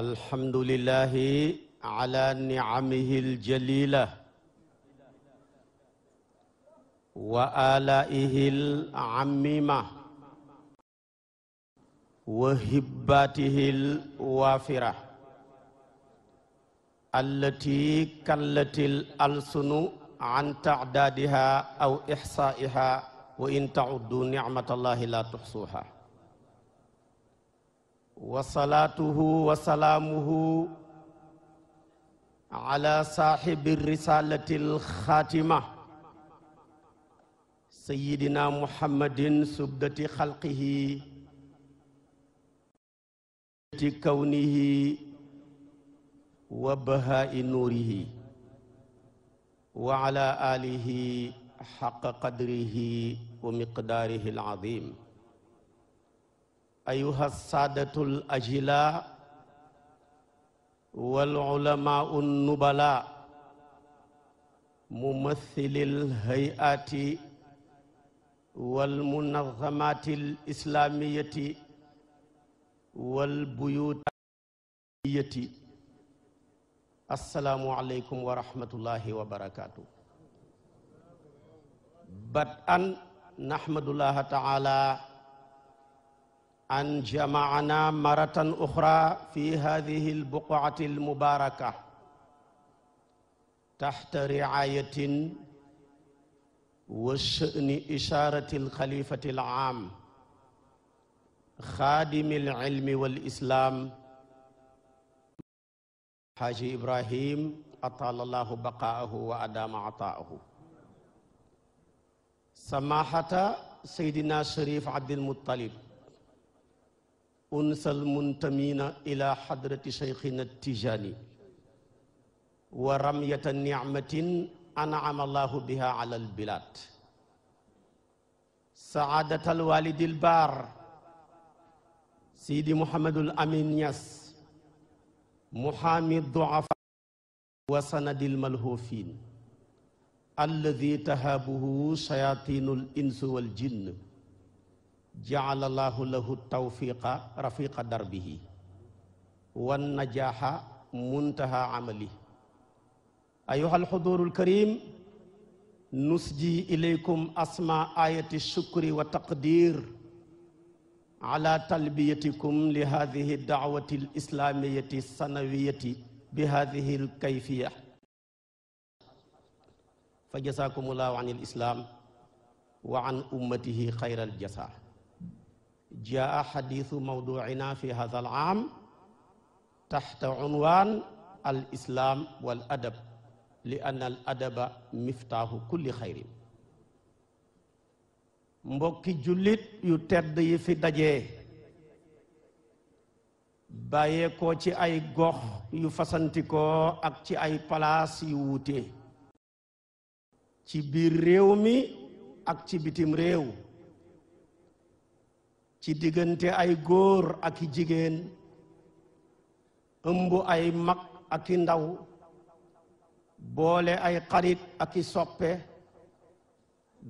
الحمد لله على نعمه الجليلة وآلائه العميمة وهباته الوافرة التي كلت الألسن عن تعدادها أو إحصائها وإن تعدوا نعمة الله لا تحصوها wa salaatuhu wa salaamuhu ala saaxibi risalati alxaatima sayidina muhammadin subdati xalqihi ti kawnihi wa bahaai nuurihi wa ala alihi xaqa qadrihi wa miqdaarihi alazim أيها السادة الأجلاء والعلماء النبلاء ممثلي الهيئات والمنظمات الإسلامية والبيوتية السلام عليكم ورحمة الله وبركاته بدءا نحمد الله تعالى an jamaana maratan uxra fi hadihi albuqaati almubaraka taxta riayatin wa shani isharati alxalifati alaam xaadimi alilmi walislaam xaaji ibrahim atala allahu baqaahu wa adaama ataahu samahata seydina sharif abdilmutalib unsal muntamina ila xadrati cheikhina tijaani wa ramyata nicmatin anama allahu biha ala albilaad saadat alwalidi albaar sidi muhammadul amin ñas muhaami duafa wa sanadi almalhufin alladi tahaabuhu shayaatinu alinsu waljinn jaala laahu lahu tawfiqa rafiqa darbihi wan najaaxa muntaha amali ayuha alxuduru alkarim nusji ilaykum asma ayati shukri wa taqdir ala talbiyatikum li hadihi daawati alislamiyati sanawiyati bi hadihi alkayfiya fa jasakum allahu an alislam wa an ummatihi xayra aljasa jaa xadiisu mawduina fi hada aam taxta unwaan al islaam wal adab li anna al adaba miftaaxu kulli xayrin mbokki jullit yu tedd yi fi dajee bàyyeekoo ci ay gox yu fasantikoo ak ci ay palaas yu wuute ci biir réew mi ak ci bitim réew ci diggante ay góor aki jigéen ëmb ay mag ak i ndaw boole ay xarit aki soppe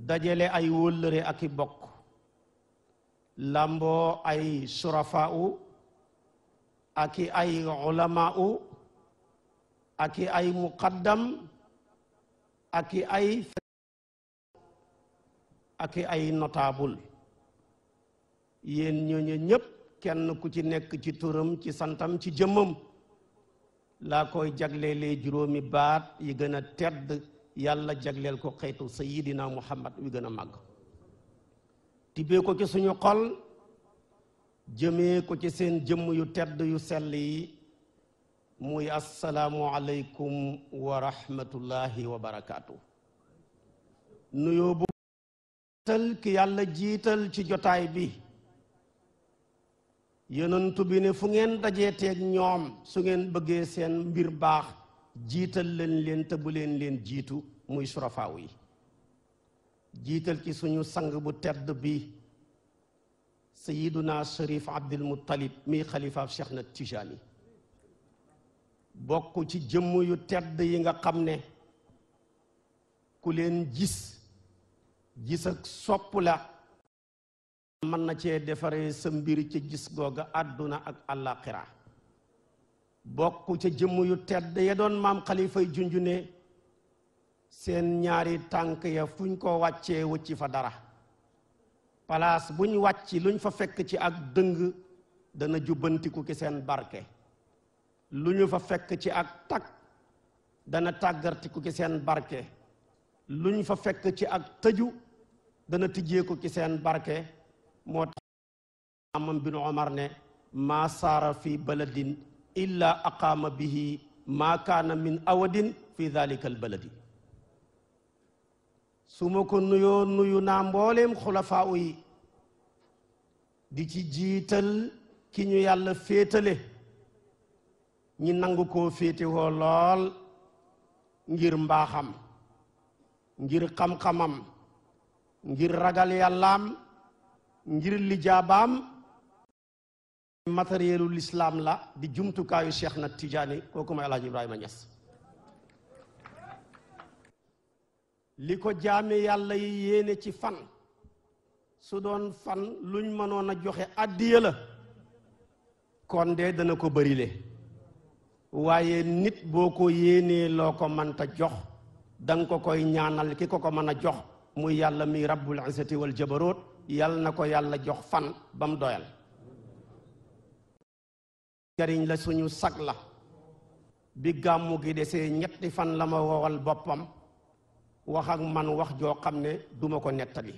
dajale ay wóllëre ak i bokk lambo ay surafa aki ak i ay ulama u ak i ay muqaddam ak ay ak ay notable yéen ñooñu ñépp kenn ku ci nekk ci turam ci santam ci jëmmam laa koy jagleelee juróomi baat yi gën a tedd yàlla jagleel ko xeetu sayidina muhammad wi gën a màgg tibbee ko ci suñu xol jëmee ko ci seen jëmm yu tedd yu sell yi muy asalaamu aleykum wa rahmatullahi wa bu jiital ki yàlla jiital ci jotaay bi yonantu bi ne fu ngeen dajeeteeg ñoom su ngeen bëggee seen mbir baax jiital leen leen te bu leen leen jiitu muy surafaaw yi jiital ci suñu sang bu tedd bi sayiduna sharif abdul muttalib mi xalifaab cheikh na tijaani bokk ci jëmm yu tedd yi nga xam ne ku leen gis gis ak sopp la mën na cee defaree sa mbir ca gis googa àdduna ak àllaaxira bokk ca jëmm yu tedd ya doon maam xalifay junjune seen ñaari tànk ya fuñ ko wàccee wëcci fa dara palaas buñ wàcc luñ fa fekk ci ak dëng dana jubbantiku ki seen barke lu ñu fa fekk ci ak tag barke lu fa fekk ci ak tëju dana tijjeeku ki seen barke moo tax amam saara fi baladin illa aqaama bihi maa kaana min awadin fi dalika al baladi su ko nuyoo nuyu naa mbooleem xulafaa yi di ci jiital ki ñu yàlla féetale ñi nangu koo féetewoo lool ngir mbaxam ngir xam ngir ragal yàllaam njir li jaabaam matérielu lislaam la di jumtukaayu cheikh na tijaani kooku mooy alaaji ibrahima ñas li ko jaame yàlla yi yéene ci fan su doon fan luñ mënoon a joxe addiya la kon de dana ko bërile waaye nit boo ko yéenee loo ko mënta jox danga ko koy ñaanal ki ko ko mën a jox muy yàlla mi rabbul izzati jabaroot yal na ko yàlla jox fan ba mu doyal jariñ la suñu sag la bi gàmmu gi desee ñetti fan la ma wowal boppam wax man wax joo xam ne duma ko nettali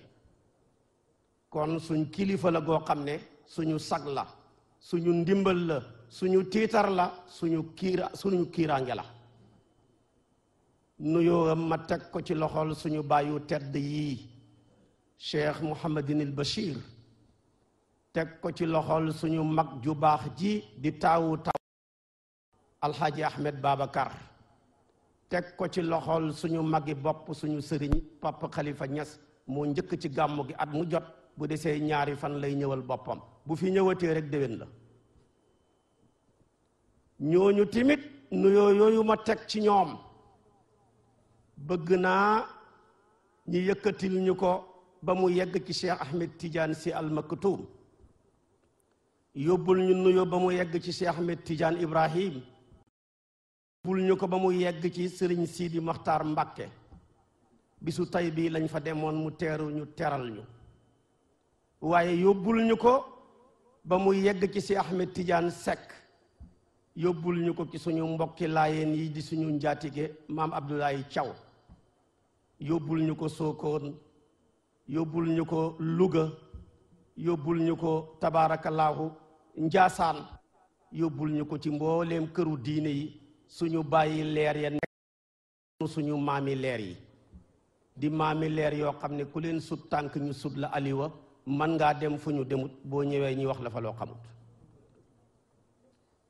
kon suñ kilifa la goo xam ne suñu sag la suñu ndimbal la suñu tiitar la suñu kiira suñu kiiraange la nuyoo ma teg ko ci loxol suñu bàyyu tedd yii cheikh Mouhamadin il Bachir teg ko ci loxol suñu mag ju baax ji di taawu taaw alxaaji Ahmed Babacar teg ko ci loxol suñu magi bopp suñu sëriñ Papa Khalifa Niass moo njëkk ci gàmmu gi at mu jot bu desee ñaari fan lay ñëwal boppam bu fi ñëwatee rek déwén la ñooñu timit nuyoo yooyu ma teg ci ñoom bëgg naa ñu yëkkatil ñu ko ba mu yegg ci Cheikh Ahmed Tidiane si al maktuum yóbbul ñu nuyoo ba mu yegg ci Cheikh Ahmed Tidiane Ibrahim yóbbul ñu ko ba mu yegg ci Serigne Sidi maxtar Mbàkke bisu tey bii lañ fa demoon mu teeru ñu teral ñu waaye yóbbul ñu ko ba mu yegg ci si Ahmed Tidiane Seck yóbbul ñu ko ci suñu mbokki laayeen yi di suñu njaatige maam Abdoulaye caw yóbbul ñu ko Sokone yóbbul ñu ko Louga yóbbul ñu ko tabaarakallaahu Njaasaan yóbbul ñu ko ci mbooleem këru diine yi suñu bàyyi leer ya nekk suñu maami leer yi di maami leer yoo xam ne ku leen sut tànk ñu sut la aliwa man ngaa dem fu ñu demut boo ñëwee ñuy wax la fa loo xamut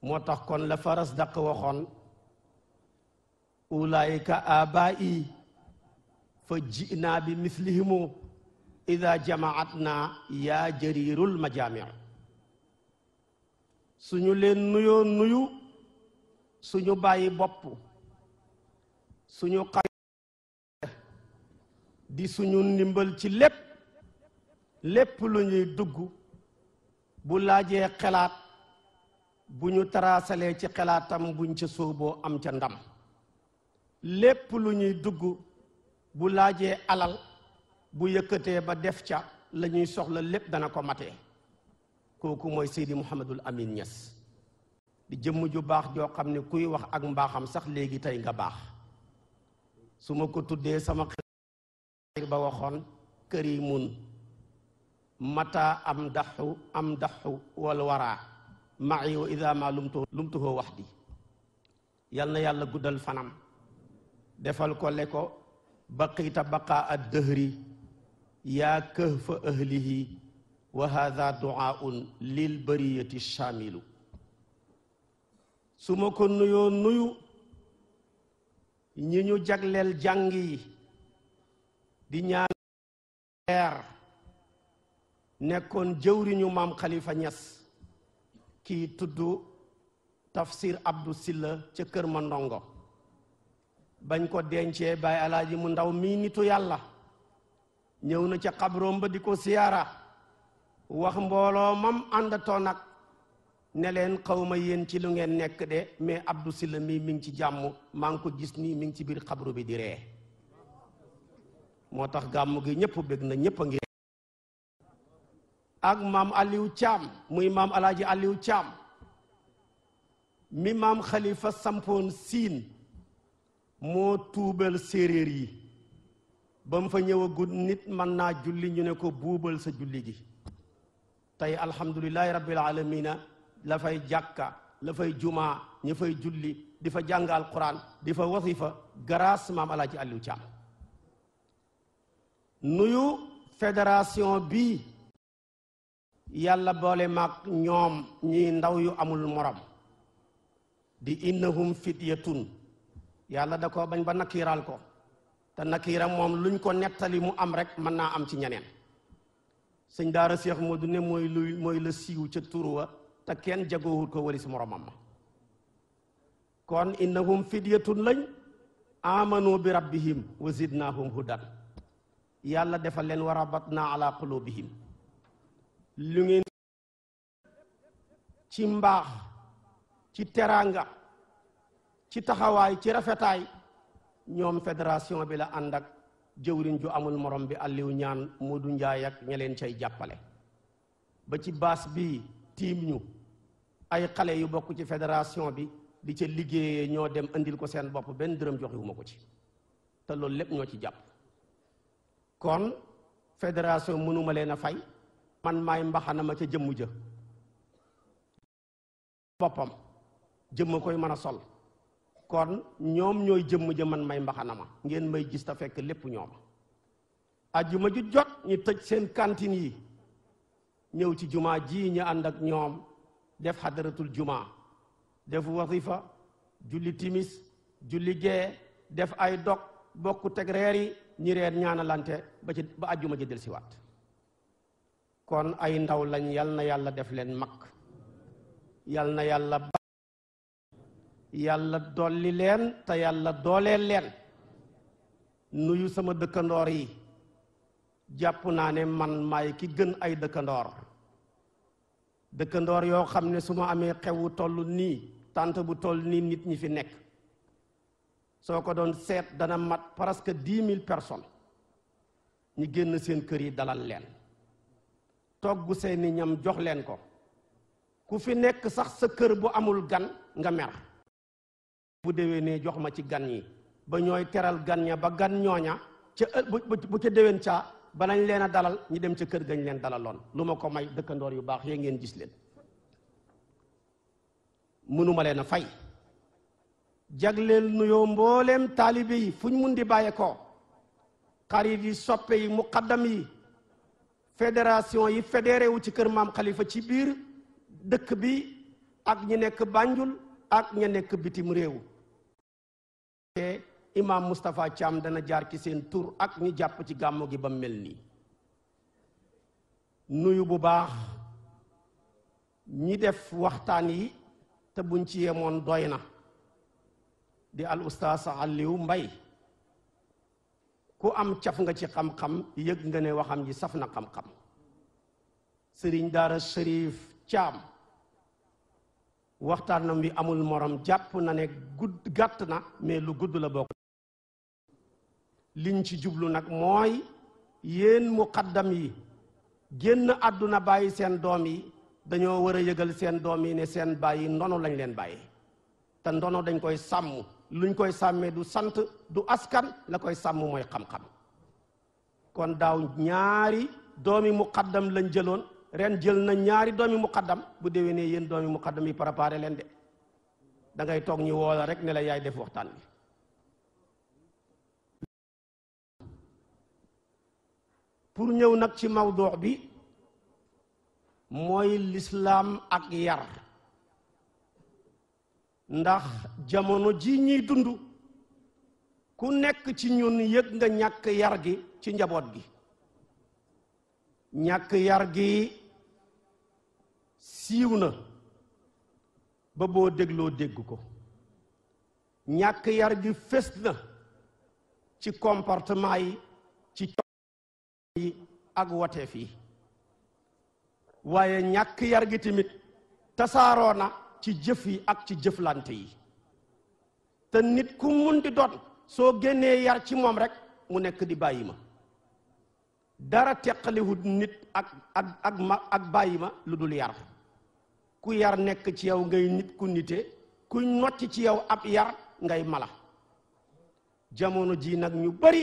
moo tax kon la faras daq waxoon ulaayika abaa'i fa jinaa bi mislihimu ida jamaat naa yaa jëriirul majaami' suñu leen nuyoo nuyu suñu bàyyi bopp suñu xarit di suñu ndimbal ci lépp lépp lu ñuy dugg bu laajee xelaat bu ñu taraasalee ci xelaatam buñ ca sóoboo am ca ndam lépp lu ñuy dugg bu laajee alal bu yëkkatee ba def ca la ñuy soxla lépp dana ko matee kooku mooy Seydi Mouhamadul Amin Niass di jëmm ju baax joo xam ne kuy wax ak mbaaxam sax léegi tey nga baax su ma ko tuddee sama xel ba waxoon karimun mata am daxu am daxu wal waraa ma'i wa ida ma lumtu wax di yal na yàlla guddal fanam defal ko le ko baqiita baqaa ad dëhri yaa kahfa ahlihi wa hadha du'aun lil bariyati shamilu su ma ko nuyoo nuyu ñi ñu jagleel jàng yi di ñaan leer nekkoon jëwriñu maam Khalifa ñas kii tudd tafsir Abdou Silla ca kër ma ndongo bañ ko dencee bàyyi alaaji mu ndaw mii nitu yàlla ñëw na ca xabroom ba di ko siyaara wax mbooloo mam àndatoon nag ne leen xawma yéen ci lu ngeen nekk de mais Abdou Sylla mii mi ngi ci jàmm maa ngi ko gis nii mi ngi ci biir xabru bi di ree moo tax gàmm gi ñëpp bëgg na ñëpp a ngi ak maam Aliou Thiam muy maam Alaaji Aliou Thiam mi maam xalifa sampoon siin moo tuubal séeréer yi ba mu fa ñëwagul nit mën naa julli ñu ne ko buubal sa julli gi tey alhamdulilahi rabbil alamina la fay jàkka la fay jumaa ña julli di fa jàng alquran di fa wasifa grâce maam alaaji Aliou Thiam nuyu fédération bi yàlla boole maag ñoom ñi ndaw yu amul morom di innahum fityatun yàlla da ko bañ ba nakkiral ko te nakiira moom luñ ko nettali mu am rek mën naa am ci ñeneen sëñ daara Seex Moodu ne mooy luy mooy la siiw ca turuwa te kenn jagoowut ko walis moromam ma kon innahum fidyatun lañ amanu bi rabbihim wa zidnahum hudan yàlla defal leen wa rabatna ala qulubihim lu ngeen ci mbaax ci teraanga ci taxawaay ci rafetaay ñoom fédération bi la ànd ak jëwriñ ju amul morom bi Aliou ñaan Modou Ndiaye ak ña leen cay jàppale ba ci baas bi tiim ñu ay xale yu bokk ci fédération bi di ca liggéeyee ñoo dem indil ko seen bopp benn dërëm joxewuma ko ci te loolu lépp ñoo ci jàpp kon fédération mënuma leen a fay man maay mbaxana ma ca jëmm ja boppam jëmm koy mën a sol kon ñoom ñooy jëmm ja may mbaxana ma ngeen may gis ta fekk lépp ñoom ajjuma ju jot ñu tëj seen cantine yi ñëw ci jumaa ji ñu ànd ak ñoom def xadaratul jumaa def wasifa julli timis julli gee def ay dog bokk teg reer yi ñi reer ñaanalante ba ci ba ajjuma ji del siwaat kon ay ndaw lañ yal na yàlla def leen mag yal na yàlla yàlla dolli leen te yàlla dooleel leen nuyu sama dëkkandoor yi jàpp naa ne man may ki gën ay dëkkandoor dëkkandoor yoo xam ne su ma amee xewu toll nii tànt bu toll nii nit ñi fi nekk soo ko doon seet dana mat presque dix mille personnes ñi génn seen kër yi dalal leen togg seeni ñam jox leen ko ku fi nekk sax sa kër bu amul gan nga mer bu déwénee jox ma ci gan yi ba ñooy teral gan ña ba gan ñooña ca bu ca déwén caa ba nañ leen a dalal ñu dem ca kër gañ leen dalaloon lu ma ko may dëkkandoor yu baax yee ngeen gis leen mënuma leen a fay jagleel nuyoo mbooleem taalibe yi fu ñu mun di bàyyeekoo xarit yi soppe yi muqaddam yi fédération yi fédéré ci kër maam Khalifa ci biir dëkk bi ak ñi nekk Banjul ak ña nekk bitim réew te imaam Moustapha Thiam dana jaar ci seen tur ak ñu jàpp ci gàmmu gi ba mel nii nuyu bu baax ñi def waxtaan yi te buñ ci yemoon doy na di al ustaas Aliou Mbay ku am caf nga ci xam-xam yëg nga ne waxam ji saf na xam-xam sëriñ daara Chérif caam waxtaanam wi amul morom jàpp na ne gudd na mais lu gudd la bokk liñ ci jublu nag mooy yéen muqaddam yi génn àdduna bàyyi seen doom yi dañoo war a yëgal seen doom yi ne seen bàyyi ndono lañ leen bàyyi te ndono dañ koy sàmm luñ koy sàmmee du sant du askan la koy sàmm mooy xam-xam kon daaw ñaari doomi muqaddam lañ jëloon ren jël na ñaari doomi muqaddam bu dee déwénee yéen doomi muqaddam yi préparé leen de dangay toog ñu woola rek ne yaay def waxtaan bi pour ñëw nag ci mawdoox bi mooy lislaam ak yar ndax jamono ji ñuy dund ku nekk ci ñun yëg nga ñàkk yar gi ci njaboot gi ñàkk yar gi siiw na ba boo dégloo dégg ko ñàkk yar gi fés na ci comportement yi ci cox yi ak wateef yi waaye ñàkk yar gi tamit tasaaroo na ci jëf yi ak ci jëflante yi te nit ku mun di doon soo génnee yar ci moom rek mu nekk di bàyyi ma dara teqaliwut nit ak ak ak bàyyi ma lu dul yar ku yar nekk ci yow ngay nit ku nite ku nocc ci yow ab yar ngay mala jamono ji nag ñu bari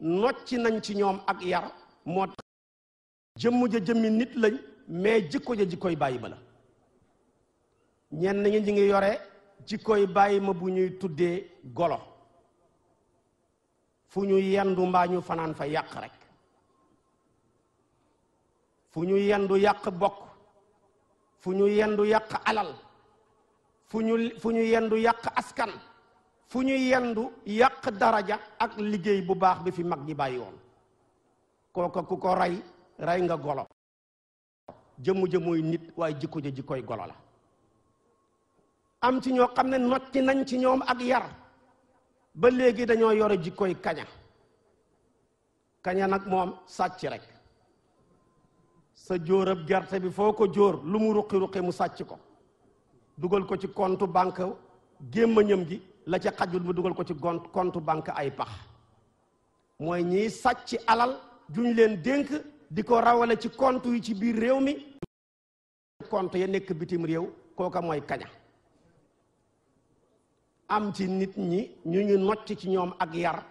nocc nañ ci ñoom ak yar moo tax jëmm ja jëmmi nit lañ mais jikko ja jikkoy bàyyi ba la ñenn ñi ngi yore jikkoy bàyyi ma bu ñuy tuddee golo fu ñu yendu mbaa ñu fanaan fa yàq rek fu ñu yendu yàq bokk fu ñu yendu yàq alal fu ñu fu ñu yendu yàq askan fu ñu yendu yàq daraja ak liggéey bu baax bi fi mag ñi bàyyi woon kooka ku ko rey rey nga golo jëmm ja nit waaye jikko ja jikkoy golo la am ci ñoo xam ne nocci nañ ci ñoom ak yar ba léegi dañoo yore jikkoy kaña kaña nag moom sàcc rek sa jóorab gerte bi foo ko jóor lu mu ruqi-ruqi mu sàcc ko dugal ko ci compte banque gémmañam gi la ca xajul mu dugal ko ci gont compte banque ay pax mooy ñiy sàcc alal juñ leen dénk di ko rawale ci compte yi ci biir réew mi compte ya nekk bitim réew kooka mooy kaña am ci nit ñi ñu ñu nocc ci ñoom ak yar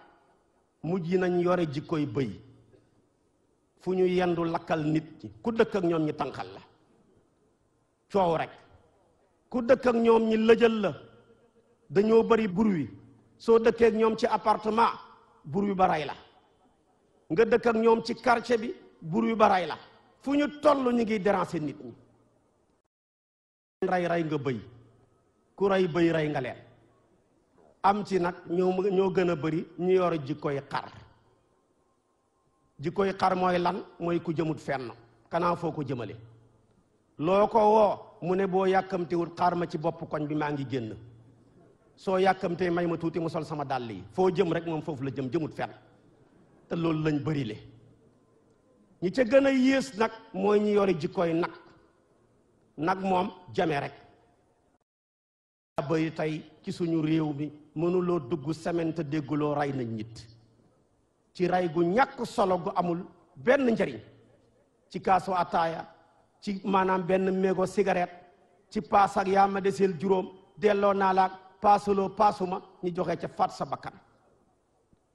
mujj nañ yore ji koy bëy fu ñu yendu lakkal nit ci ku dëkk ak ñoom ñi tànqal la coow rek ku dëkk ak ñoom ñi lëjal la dañoo bari bruit soo dëkkee ñoom ci appartement bruit ba rey la nga dëkk ñoom ci quartier bi bruit ba rey la fu ñu toll ñu ngi déranger nit ñi rey rey nga bëy ku rey bëy rey nga leen am ci nag ñoo ñoo gën a bari ñu yor jikkoy xar jikkoy xar mooy lan mooy ku jëmut fenn kanaa foo ko jëmale loo ko woo mu ne boo yàkkamtewut xaar ma ci bopp koñ bi maa ngi génn soo yàkkamtee may ma tuuti ma sol sama dàll yi foo jëm rek moom foofu la jëm jëmut fenn te loolu lañ bëri le ñi ca gën a yées nag mooy ñu yore jikkooy nag nag moom jame rek bëri tey ci suñu réew mi mënuloo dugg semaine te dégguloo rey nañ nit ci rey gu ñàkk solo gu amul benn njariñ ci kaasu ataaya ci maanaam benn méego cigarette ci paas ak yaa ma deseel juróom delloo naa laag paasuloo paasuma ñi joxe ca faat sa bakkan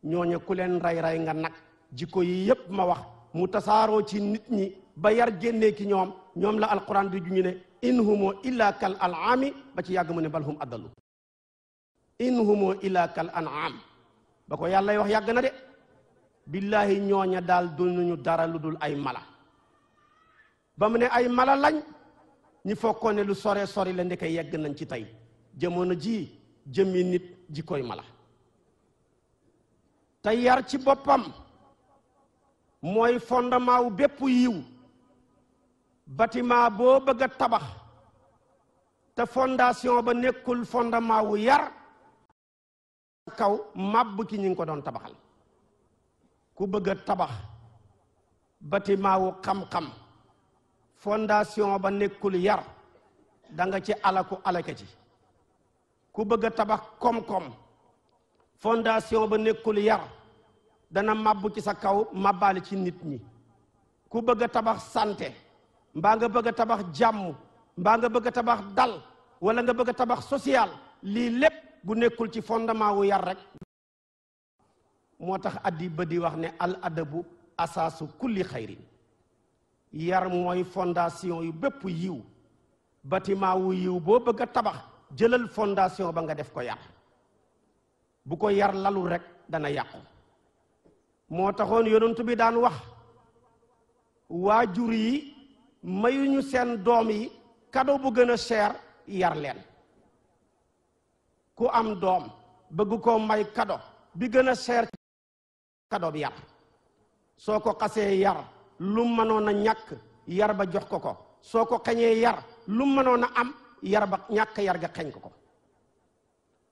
ñooñu ku leen rey rey nga nag jikko yi yépp ma wax mu tasaaroo ci nit ñi ba yar génnee ki ñoom ñoom la alquran di ju ñu ne in humo illa kal an'ami ba ci yàgg mu ne bal hum addalu in humo illa kal an'am ba ko yàlla wax yàgg na de billaahi ñooña daal dul nuñu dara lu dul ay mala ba mu ne ay mala lañ ñi fokkoon lu sore sori la ndeke yegg nañ ci tey jamono jii jëmmi nit ji koy mala te yar ci boppam mooy fondement wu bépp yiw bâtiment boo bëgg tabax te fondation ba nekkul fondement wu yar kaw màbb ki ñu ngi ko doon tabaxal ku bëgg a tabax bâtiment wu xam-xam fondation ba nekkul yar da ci alaku alaka ci ku bëgg a tabax koom-koom fondation ba nekkul yar dana mabbu ci sa kaw mabbaale ci nit ñi ku bëgg a tabax sante mbaa nga bëgg a tabax jàmm mbaa nga bëgg a tabax dal walla nga bëgg tabax social lii lépp bu nekkul ci fondement yar rekk moo tax addi ba di wax ne al adabu asaasu kulli xayrin yar mooy fondation yu bépp yiw bâtiment wu yiw boo bëgg a tabax jëlal fondation ba nga def ko yar bu ko yar lalu rekk dana yàqu moo taxoon yonent bi daan wax waajur yi mayuñu seen doom yi kado bu gën a cher yar leen ku am doom bëgg koo may cadeau bi gën a kadoob yar soo ko xasee yar lu mënoon a ñàkk yar ba jox ko ko soo ko xañee yar lu mënoon a am yar ba ñàkk yar ga xañ ko ko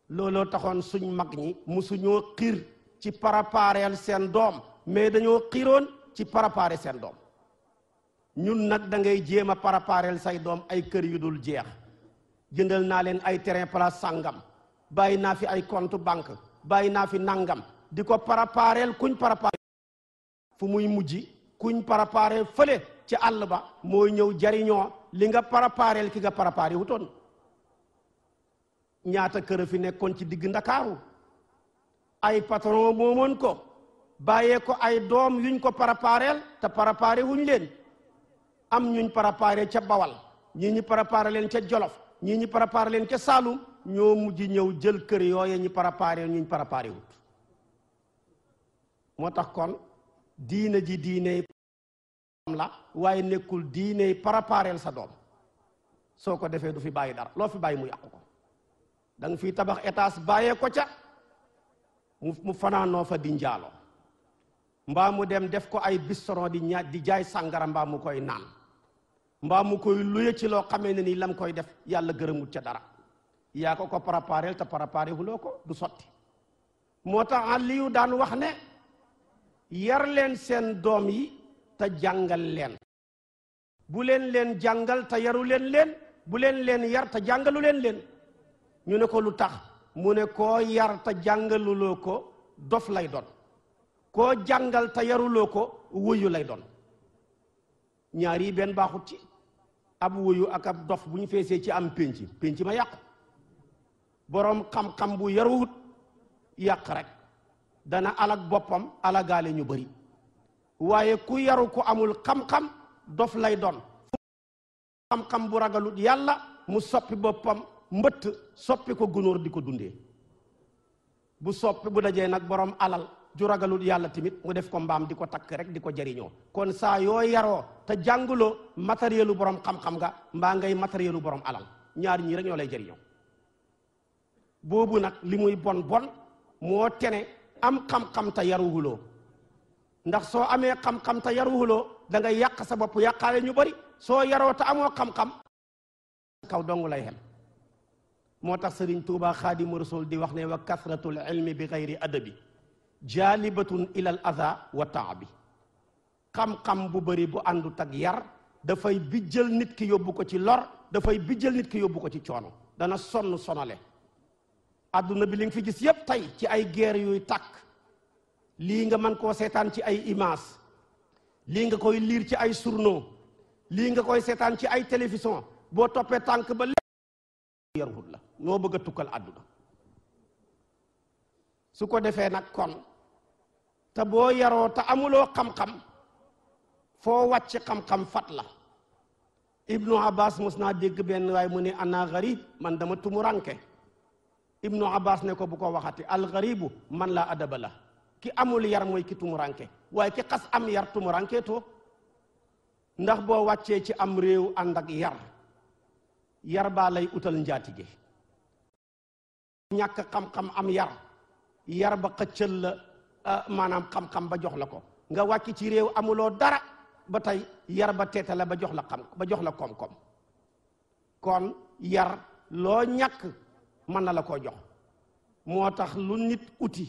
looloo taxoon suñ mag ñi musuñoo xiir ci parapareel seen doom mais dañoo xiiroon ci parapare seen doom ñun nag dangay ngay jéem a parapareel say doom ay kër yu dul jeex jëndal naa leen ay terrain place sàngam bàyyi naa fi ay compte banque bàyyi naa fi nangam di ko prépareel kuñ préparé fu muy mujj kuñ préparé fële ci àll ba mooy ñëw jariñoo li nga prépareel ki nga préparé wutoon ñaata kër fi nekkoon ci digg ndakaaru ay patron moomoon ko bàyyee ko ay doom yuñ ko prépareel te préparé wuñ leen am ñuñ préparé ca bawal ñii ñi préparé leen ca jolof ñii ñi préparé leen ca saalum ñoo mujj ñëw jël kër yooye ñi préparé ñuñ préparé wut moo tax kon diina ji diiney la waaye nekkul diiney prépareel sa doom soo ko defee du fi bàyyi dara loo fi bàyyi mu yàqu ko da nga fiy tabax étage bàyyee ko ca mu fanaanoo fa di njaaloo mbaa mu dem def ko ay bistoron di ñaaj di jaay sàngara mbaa mu koy naan mbaa mu koy luye ci loo xamee ne ni lam koy def yàlla gërëmut ca dara yaa ko ko prépareel te préparé huloo ko du sotti moo tax Aliyu daan wax ne yar leen seen doom yi te jàngal leen bu leen leen jàngal te yaru leen leen bu leen leen yar te jàngalu leen leen ñu ne ko lu tax mu ne koo yar te jàngaluloo ko dof lay doon koo jàngal te yaruloo ko wuyu lay doon ñaar yi benn baaxut ci ab wuyu ak ab dof bu ñu feesee ci am pénc pénc ma yàqu boroom xam-xam bu yaruwut yàq rek dana alag boppam alagaale ñu bari waaye ku yaru ku amul xam-xam dof lay doon xam bu ragalut yàlla mu soppi boppam mbëtt soppi ko gunóor di ko dundee bu soppi bu dajee nag borom alal ju ragalut yàlla tamit mu def ko mbaam di ko takk rek di ko jariñoo kon saa yoo yaroo te jànguloo matérielu borom xam-xam nga mbaa ngay matérielu borom alal ñaar ñii rek ñoo lay jariñoo boobu nag li bon bon moo tene am xam-xam te yaruwuloo ndax soo amee xam-xam te yaruwuloo da ngay yàq sa bopp yàqaale ñu bari soo yaroo te amoo xam-xam kaw dong lay xem moo tax seriñ tuubaa xaadimu rasul di wax ne wa kasratul ilmi bi gayri adabi jaalibatun ilal aza wa taabi xam-xam bu bari bu àndu tag yar dafay bijjal nit ki yóbbu ko ci lor dafay bijjal nit ki yóbbu ko ci coono dana sonn sonale àdduna bi li fi gis yépp tey ci ay guerre yuy tàkk lii nga mën koo seetaan ci ay image lii nga koy liir ci ay surno lii nga koy seetaan ci ay télévision boo toppee tànk ba lépp yarul la noo bëgg a tukkal àdduna su ko defee nag kon te boo yaroo te amuloo xam-xam foo wàcc xam-xam fat la ibnu abbas mos naa dégg benn waaye mu ne ana garib man dama tumuranke ibnu abbas ne ko bu ko waxati algaribu man laa adaba la ki amul yar mooy ki tumuranke waaye ki xas am yar tumuranke to ndax boo wàccee ci am réew ànd ak yar yar baa lay utal njaatige ñàkk xam-xam am yar yar ba xëccal la ah, maanaam xam-xam ba jox la ko nga wàcc ci réew amuloo dara ba tey yar ba teetale ba jox la xam ba jox la koom-koom kon yar loo ñàkk mën na la koo jox moo tax lu nit uti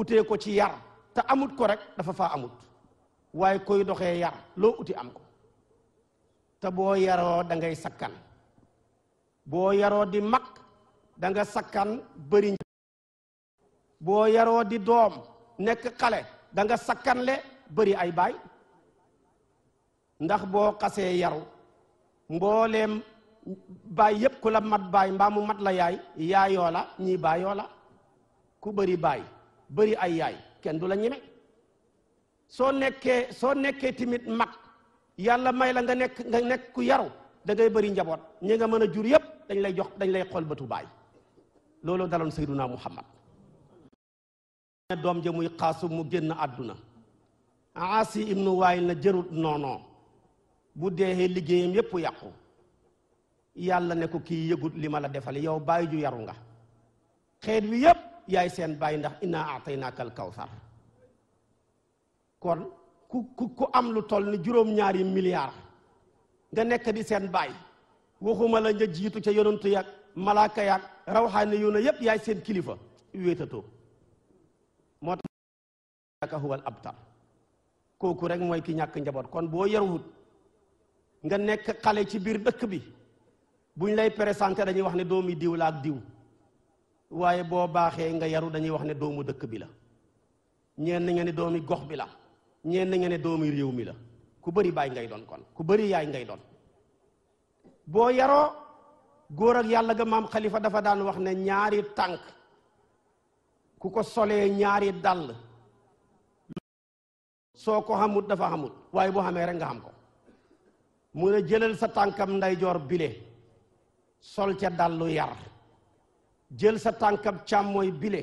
utee ko ci yar te amut ko rek dafa faa amut waaye koy doxee yar loo uti am ko te boo yaroo dangay sakkan boo yaroo di mag danga nga sakkan bëriñ boo yaroo di doom nekk xale da nga sakkanle bëri ay baay ndax boo xasee yaru mbooleem baay yépp ku la mat baay mbaa mu mat la yaay yaayoo la ñii baayoo la ku bëri baay bëri ay yaay kenn du la ñeme soo nekkee soo nekkee tamit mag yàlla may la nga nekk nga nekk ku yaru da ngay bëri njaboot ñi nga mën a jur yépp dañ lay jox dañ lay xool baay looloo daloon sayduna muhammad ne doom ja muy xaasu mu génn àdduna aasi ibnu waayil na jërut noono bu deexee liggéeyam yépp yàqu yàlla ne ko kii yëgut li ma defal yow bàyyi ju yaru nga xeet wi yépp yaay seen baay ndax innaa ataynaaka al kawsar kon ku ku am lu toll ni juróom-ñaari milliards nga nekk di seen baay waxuma la nga jiitu ca yonantu yag malaaka yag rawxaane yu ne yépp yaay seen kilifa wéetatoo moo tax kooku rek mooy ki ñàkk njaboot kon boo yaruwut nga nekk xale ci biir dëkk bi bu buñ lay présenté dañuy wax ne doomi diw la ak diw waaye boo baaxee nga yaru dañuy wax ne doomu dëkk bi la ñeen nga ne doomi gox bi la ñeen nga ne doomi réew mi la ku bëri baay ngay doon kon ku bëri yaay ngay doon boo yaroo góor ak yàlla ga maam xalifa dafa daan wax ne ñaari tànk ku ko solee ñaari dàll soo ko xamut dafa xamut waaye boo xamee rek nga xam ko mu ne jëlal sa tànkam ndeyjoor bile sol ca dàllu yar jël sa tànkam càmmooy bile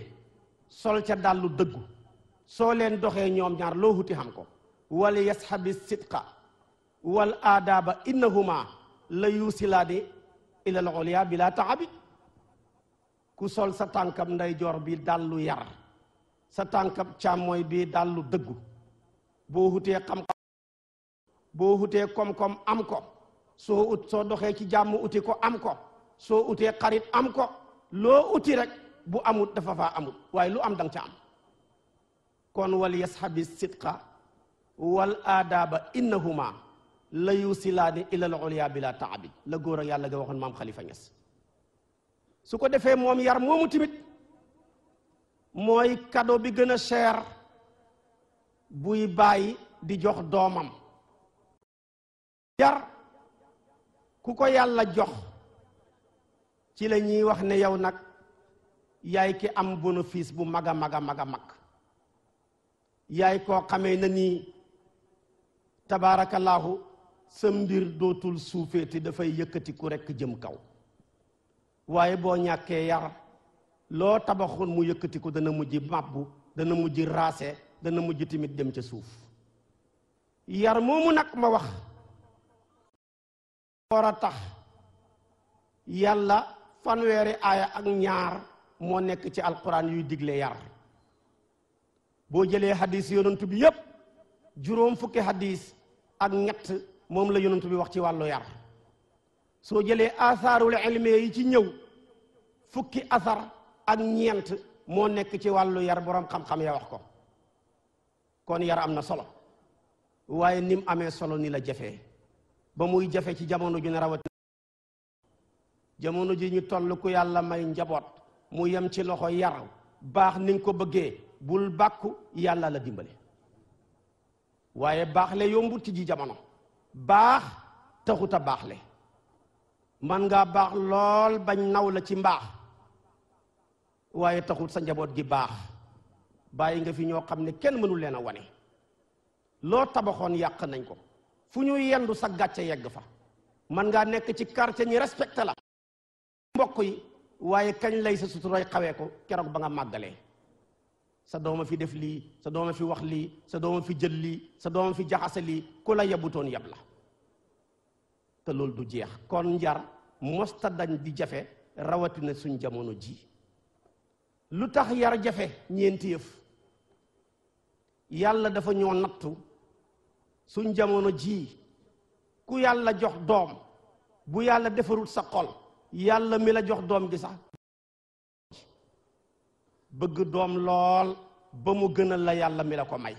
sol ca dàllu dëggu soo leen doxee ñoom ñaar loo huti xam ko wal yashabi sidqa wal aadaaba innahuma la yusilaani ilal oliya bila taabi ku sol sa tànkam ndeyjoor bi dàllu yar sa tànkam càmmooy bi dàllu dëggu boo hutee xam-xam boo hutee koom-koom am ko soo ut soo doxee ci jàmm uti ko am ko soo utee xarit am ko loo uti rek bu amut dafa faa amut waaye lu am danga ca am kon wal yashabi sidqa wal aadaaba innahuma la yusilaani ilal ulya bila taabi la góor ak yàlla ga waxoon maam xalifa ñes su ko defee moom yar moomu tamit mooy cadeau bi gën a cher buy bàyyi di jox doomam yar ku ko yàlla jox ci la ñuy wax ne yow nag yaay ki am bénéfice bu mag a mag a mag a mag yaay koo xamee na nii tabaarakallaahu sa mbir dootul suufeeti dafay yëkkatiku rekk jëm kaw waaye boo ñàkkee yar loo tabaxoon mu yëkkatiku dana mujj màbbu dana mujj raase dana mujj tamit dem ca suuf yar moomu nag ma wax war a tax yàlla fanweeri aaya ak ñaar moo nekk ci alquran yuy digle yar boo jëlee hadis yonantu bi yépp juróom fukki hadis ak ñett moom la yonantu bi wax ci wàllu yar soo jëlee asaarul ilmi yi ci ñëw fukki asar ak ñeent moo nekk ci wàllu yar boroom xam-xam ya wax ko kon yar am na solo waaye ni mu amee solo ni la jafe ba muy jafe ci jamono ju ne rawat jamono ji ñu toll ku yàlla may njaboot mu yem ci loxo yar baax ni ko bëggee bul bàkku yàlla la dimbale waaye baax le yombut ci ji jamono baax taxut a baax le man ngaa baax lool bañ naw la ci mbaax waaye taxut sa njaboot gi baax bàyyi nga fi ñoo xam ne kenn mënul leen a wone loo tabaxoon yàq nañ ko fu ñuy yendu sa gàcce yegg fa man ngaa nekk ci quartier ñi respecté la mbokk yi waaye kañ lay sa suturay xawee ko keroog ba nga màggalee sa dooma fi def lii sa dooma fi wax lii sa dooma fi jël lii sa dooma fi jaxase lii ku la yabutoon yab la te loolu du jeex kon njar mosta dañ di jafe rawatina suñ jamono jii lu tax yar jafe ñeenti yëf yàlla dafa ñoo nattu suñ jamono ji ku yàlla jox doom bu yàlla defarul sa xol yàlla mi la jox doom gi sax bëgg doom lool ba mu gënal la yàlla mi la ko may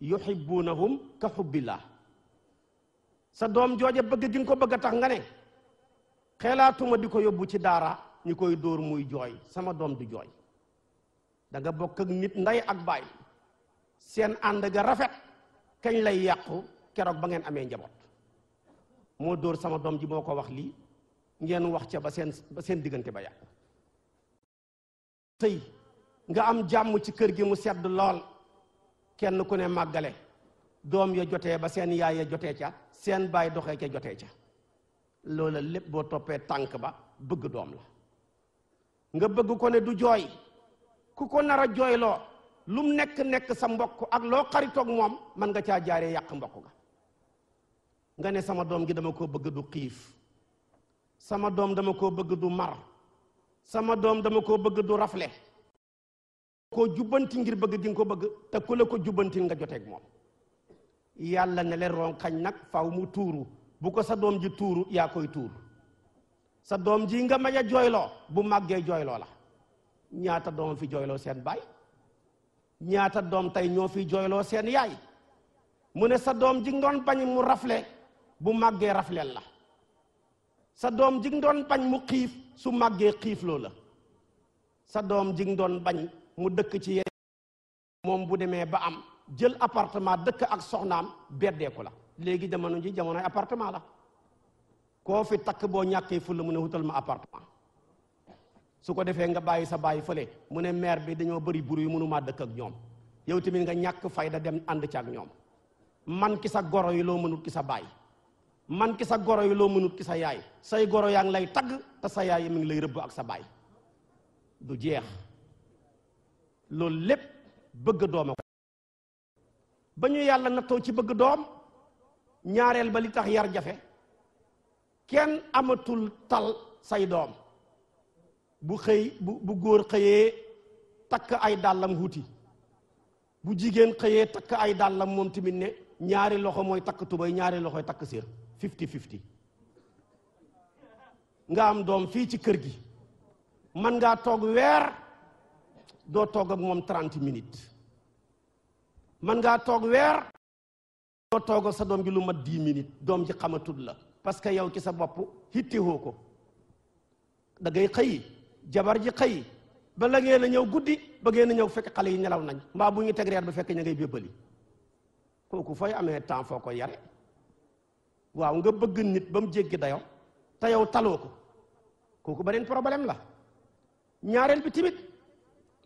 yuhibbunahum ka hubbillah sa doom jooja bëgg gi ko bëgg a tax nga ne xelaatuma di ko yóbbu ci daara ñu koy dóor muy jooy sama doom du jooy danga bokk ak nit ndey ak baay seen ànd ga rafet kañ lay yàqu keroog ba ngeen amee njaboot moo dóor sama doom ji moo ko wax lii ngeen wax ca ba seen diggante ba yàqu sëy nga am jàmm ci kër gi mu sedd lool kenn ku ne màggale doom ya jotee ba seen yaay ya jotee ca seen baay doxee ca jotee ca loola lépp boo toppee tànk ba bëgg doom la nga bëgg ko ne du jooy ku ko nar a jooyloo lu nekk nekk sa mbokk ak loo xaritoog moom mën nga caa jaaree yàq mbokk ga nga ne sama doom gi dama ko bëgg du xiif sama doom dama koo bëgg du mar sama doom dama koo bëgg du rafle koo jubbanti ngir bëgg gi ko bëgg te ku la ko jubbanti nga joteeg moom yàlla ne leen ronkañ nag faw mu tuuru bu ko sa doom ji tuuru yaa koy tuur sa doom ji nga mañ a jooyloo bu màggee jooyloo la ñaata doom fi jooyloo seen baay ñaata doom tey ñoo fi jooyloo seen yaay mu ne sa doom ji nga bañ mu rafle bu màggee rafleel la sa doom ji nga doon bañ mu xiif su màggee xiif loo la sa doom ji doon bañ mu dëkk ci yéen moom bu demee ba am jël appartement dëkk ak soxnaam beddeeku la léegi jamono ji jamonoy appartement la koo fi takk boo ñàkkee fu la mu ne wutal ma appartement su ko defee nga bàyyi sa bàyyi fële mu ne maire bi dañoo bëri bruit mënumaa dëkk ak ñoom yow tamit nga ñàkk fayda dem ànd ci ak ñoom man ki sa goro yi loo mënul ki sa bàyyi man ki sa goro yi loo mënut ki sa yaay say goro yaa ngi lay tagg te sa yaay mi ngi lay rëbb ak sa baay du jeex loolu lépp bëgg dooma ko ba ñu yàlla nattoo ci bëgg doom ñaareel ba li tax yar jafe kenn amatul tal say doom bu xëy bu bu góor xëyee takk ay dàllam wuti bu jigéen xëyee takk ay dàllam moom tamit ne ñaari loxo mooy takk tubay ñaari loxoy takk séer fifty fifty nga am doom fii ci kër gi man ngaa toog weer doo toog ak moom trente minutes man ngaa toog weer doo toog sa doom ji lu mat dix minutes doom ji xamatul la parce que yow ci sa bopp hittihoo ko da ngay xëyi jabar ji xëyi ba la ngeen a ñëw guddi ba ngeen a ñëw fekk xale yi nelaw nañ mbaa bu ñu teg reer ba fekk ña ngay bébbali kooku fooy amee temps foo ko yare waaw nga bëgg nit ba mu jéggi dayo te yow taloo ko kooku beneen problème la ñaareel bi tamit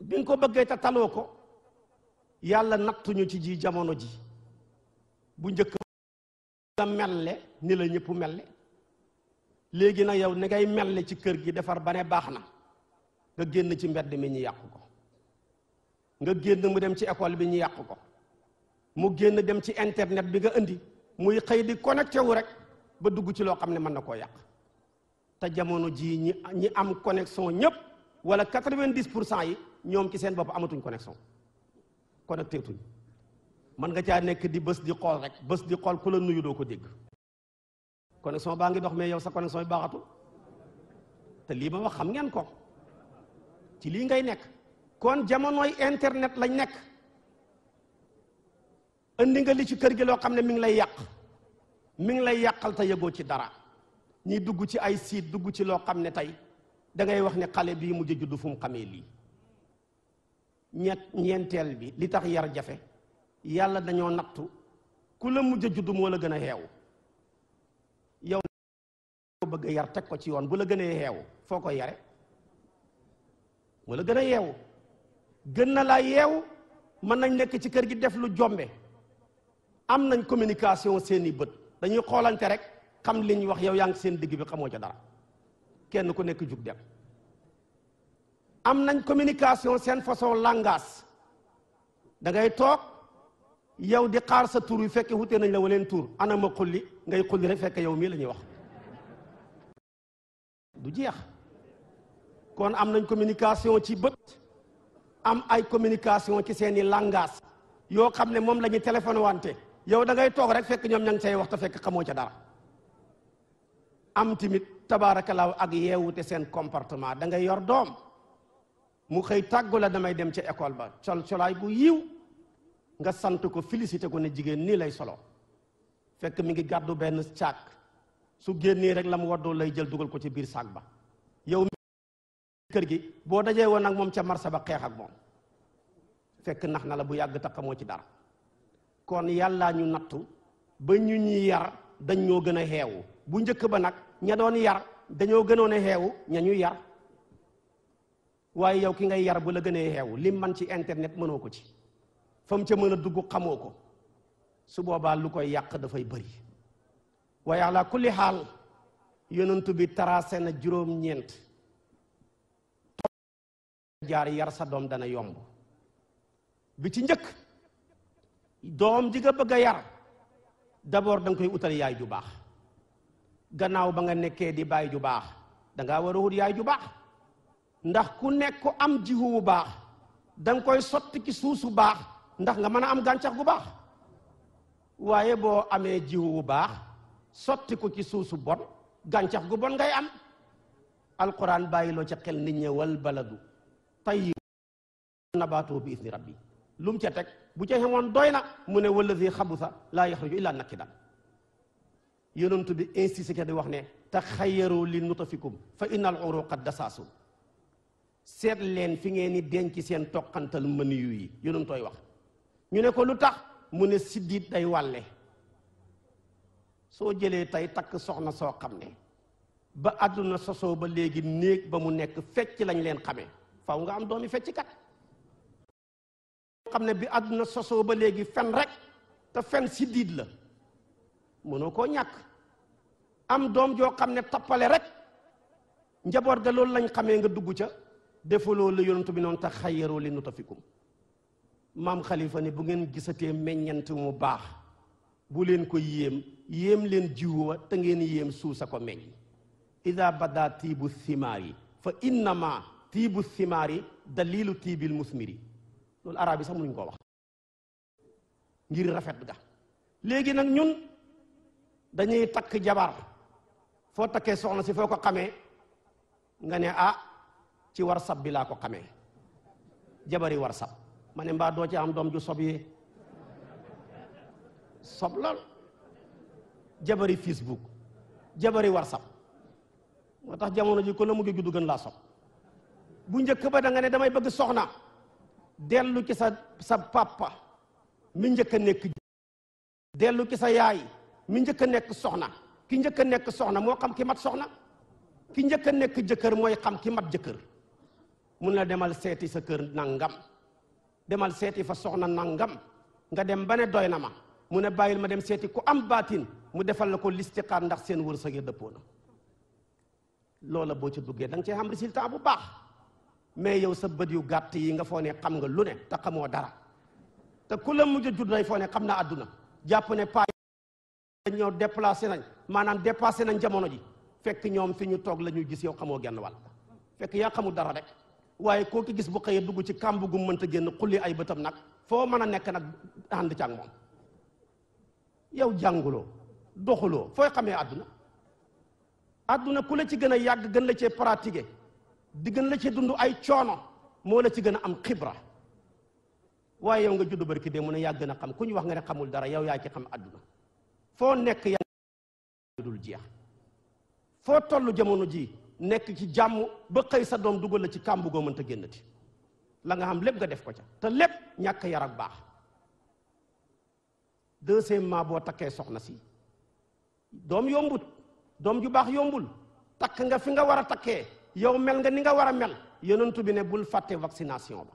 bi nga ko bëggee te taloo ko yàlla nattuñu ci ji jamono ji bu njëkk nga melle ni la mel melle léegi nag yow ni ngay melle ci kër gi defar ba ne baax na nga génn ci mbedd mi ñu yàqu ko nga génn mu dem ci école bi ñu yàqu ko mu génn dem ci internet bi nga indi muy xëy di connecté wu rek ba dugg ci loo xam ne mën na koo yàq te jamono jii ñi ñi am connexion ñëpp wala quatre-vingt-dix pour cent yi ñoom ci seen bopp amatuñ connexion connecté tuñ mën nga caa nekk di bës di xool rek bës di xool ku la nuyu doo ko dégg connexion baa ngi dox mais yow sa connexion yi baaxatul te lii ma wax xam ngeen ko ci lii ngay nekk kon jamonoy internet lañ nekk indi nga li ci kër gi loo xam ne mu ngi lay yàq mi ngi lay yàqal te yëgoo ci dara ñiy dugg ci ay siit dugg ci loo xam ne tey dangay wax ne xale bii mujj juddu fu mu xamee lii ñett ñeenteel bi li tax yar jafe yàlla dañoo nattu ku la mujj juddu moo la gën a xeew yow bëgg a yar teg ko ci yoon bu la gën a xeew foo ko yare moo la gën a yeewu gën na laa yeew mën nañ nekk ci kër gi def lu jombe am nañ communication seeni bët dañuy xoolante rek xam li ñuy wax yow yaa ngi seen digg bi xamoo ca dara kenn ku nekk jug dem am nañ communication seen façon langage dangay ngay toog yow di xaar sa tur yu fekkee wutee nañ la waleen tur ana ma xulli ngay xulli rek fekk yow mii la ñuy wax du jeex kon am nañ communication ci bët am ay communication ci seeni langage yoo xam ne moom la ñu wante yow da toog rek fekk ñoom ña ngi say wax te fekk xamoo ca dara am tamit tabaarakalaaw ak te seen comportement da ngay yor doom mu xëy tàggu damay dem ca école ba col colaay bu yiw nga sant ko félicité ko ne jigéen nii lay solo fekk mi ngi gàddu benn saak su génnee rek la mu waddoo lay jël dugal ko ci biir saak ba yow kër gi boo dajee woon ak moom ca marché ba xeex ak moom fekk nax na la bu yàgg ta xamoo ci dara kon yàlla ñu nattu ba ñu ñuy yar dañ ñoo gën a xeewu bu njëkk ba nag ña doon yar dañoo gënoon a xeewu ña ñu yar waaye yow ki ngay yar bu la gënee xeewu lim man ci internet mënoo ko ci fa mu mën a dugg xamoo ko su boobaa lu koy yàq dafay bari waaye ala kulli xaal yonent bi tracé na juróom-ñeent jaar yar sa doom dana yomb bi ci njëkk doom ji nga bëgg a yar d'abord da nga koy utal yaay ju baax gannaaw ba nga nekkee di bàyyi ju baax da war a wut yaay ju baax ndax ku nekku am jiwu wu baax da koy sotti ci suuf su baax ndax nga mën a am gàncax gu baax waaye boo amee jiwu bu baax sotti ko ci suuf su bon gàncax gu bon ngay am alquran bàyyiloo ci xel nit ñi wal baladu tayyib nabaatu bi izni rab bi lum ca teg bu ca xemoon doy na mu ne wallazi sax laa yaxruju illaa nakidan yonent bi insisté ca di wax ne taxayaru li nutafikum fa innal uruqa dasaasu seet leen fi ngeen ni denc seen toqantal mëniyu yi yonentooy wax ñu ne ko lu tax mu ne siddiit day wàlle soo jëlee tey takk soxna soo xam ne ba àdduna sosoo ba léegi néeg ba mu nekk fecc lañ leen xamee faw nga am doomi fecc kat xam ne bi àdduna sosoo ba léegi fen rek te fen si la mënoo koo ñàkk am doom joo xam ne tappale rek njaboot ga loolu lañ xamee nga dugg ca defaloo la yonent bi noonu tax xayyaroo li nutafikum maam xalifa ne bu ngeen gisatee meññent mu baax bu leen ko yéem yéem leen jiw wa te ngeen yéem suusa ko meññ ida bada tiibu simaar yi fa innama tiibu simaar yi dalilu tiibil musmiri loolu arab yi sax mënuñu koo wax ngir rafet ga léegi nag ñun dañuy takk jabar foo takkee soxna si foo ko xamee nga ne ah ci warsab bi laa ko xamee jabari warsab ma ne mbaa doo ci am doom ju sob yi sob lool jabari facebook jabari warsab moo tax jamono ji ko la mu ngi gudd gën laa sob bu njëkk ba da nga ne damay bëgg soxna dellu ci sa sa papa mi njëkk a nekk dellu ci sa yaay mi njëkk a nekk soxna ki njëkk a nekk soxna moo xam ki mat soxna ki njëkk nekk jëkkër mooy xam ki mat jëkkër mun na demal seeti sa kër nangam demal seeti fa soxna nangam nga dem ba ne doy na ma mu ne bàyyil ma dem seeti ko am baatin mu defal la ko listixaar ndax seen wërsëg ya dëppoo na loola boo ci duggee da nga cee am résultat bu baax mais yow sa bët yu gàtt yi nga foo ne xam nga lu ne te xamoo dara te ku la mujj a judd foo ne xam na àdduna jàpp ne paa ñoo déplacé nañ maanaam dépassé nañ jamono ji fekk ñoom fi ñu toog la ñuy gis yow xamoo genn wàll fekk yaa xamul dara rek waaye koo ki gis bu xëyee dugg ci kàmb gu mënta génn xulli ay bëtam nag foo mën a nekk nag ànd ci ak moom yow jànguloo doxuloo fooy xamee àdduna adduna ku la ci gën a yàgg gën la cee pratiquer di gën la ci dund ay coono moo la ci gën a am xibra waaye yow nga judd barki dee mun ne yaa gën a xam ku ñu wax nga ne xamul dara yow yaa ci xam àdduna foo nekk yaa dul jeex foo toll jamono ji nekk ci jàmm ba xëy sa doom dugal la ci kàmb goo mënta génnati la nga xam lépp nga def ko ca te lépp ñàkk yar ak baax deuxièmement boo takkee soxna si doom yombut doom ju baax yombul takk nga fi nga war a takkee yow mel nga ni nga war a mel yonentu bi ne bul fàtte vaccination ba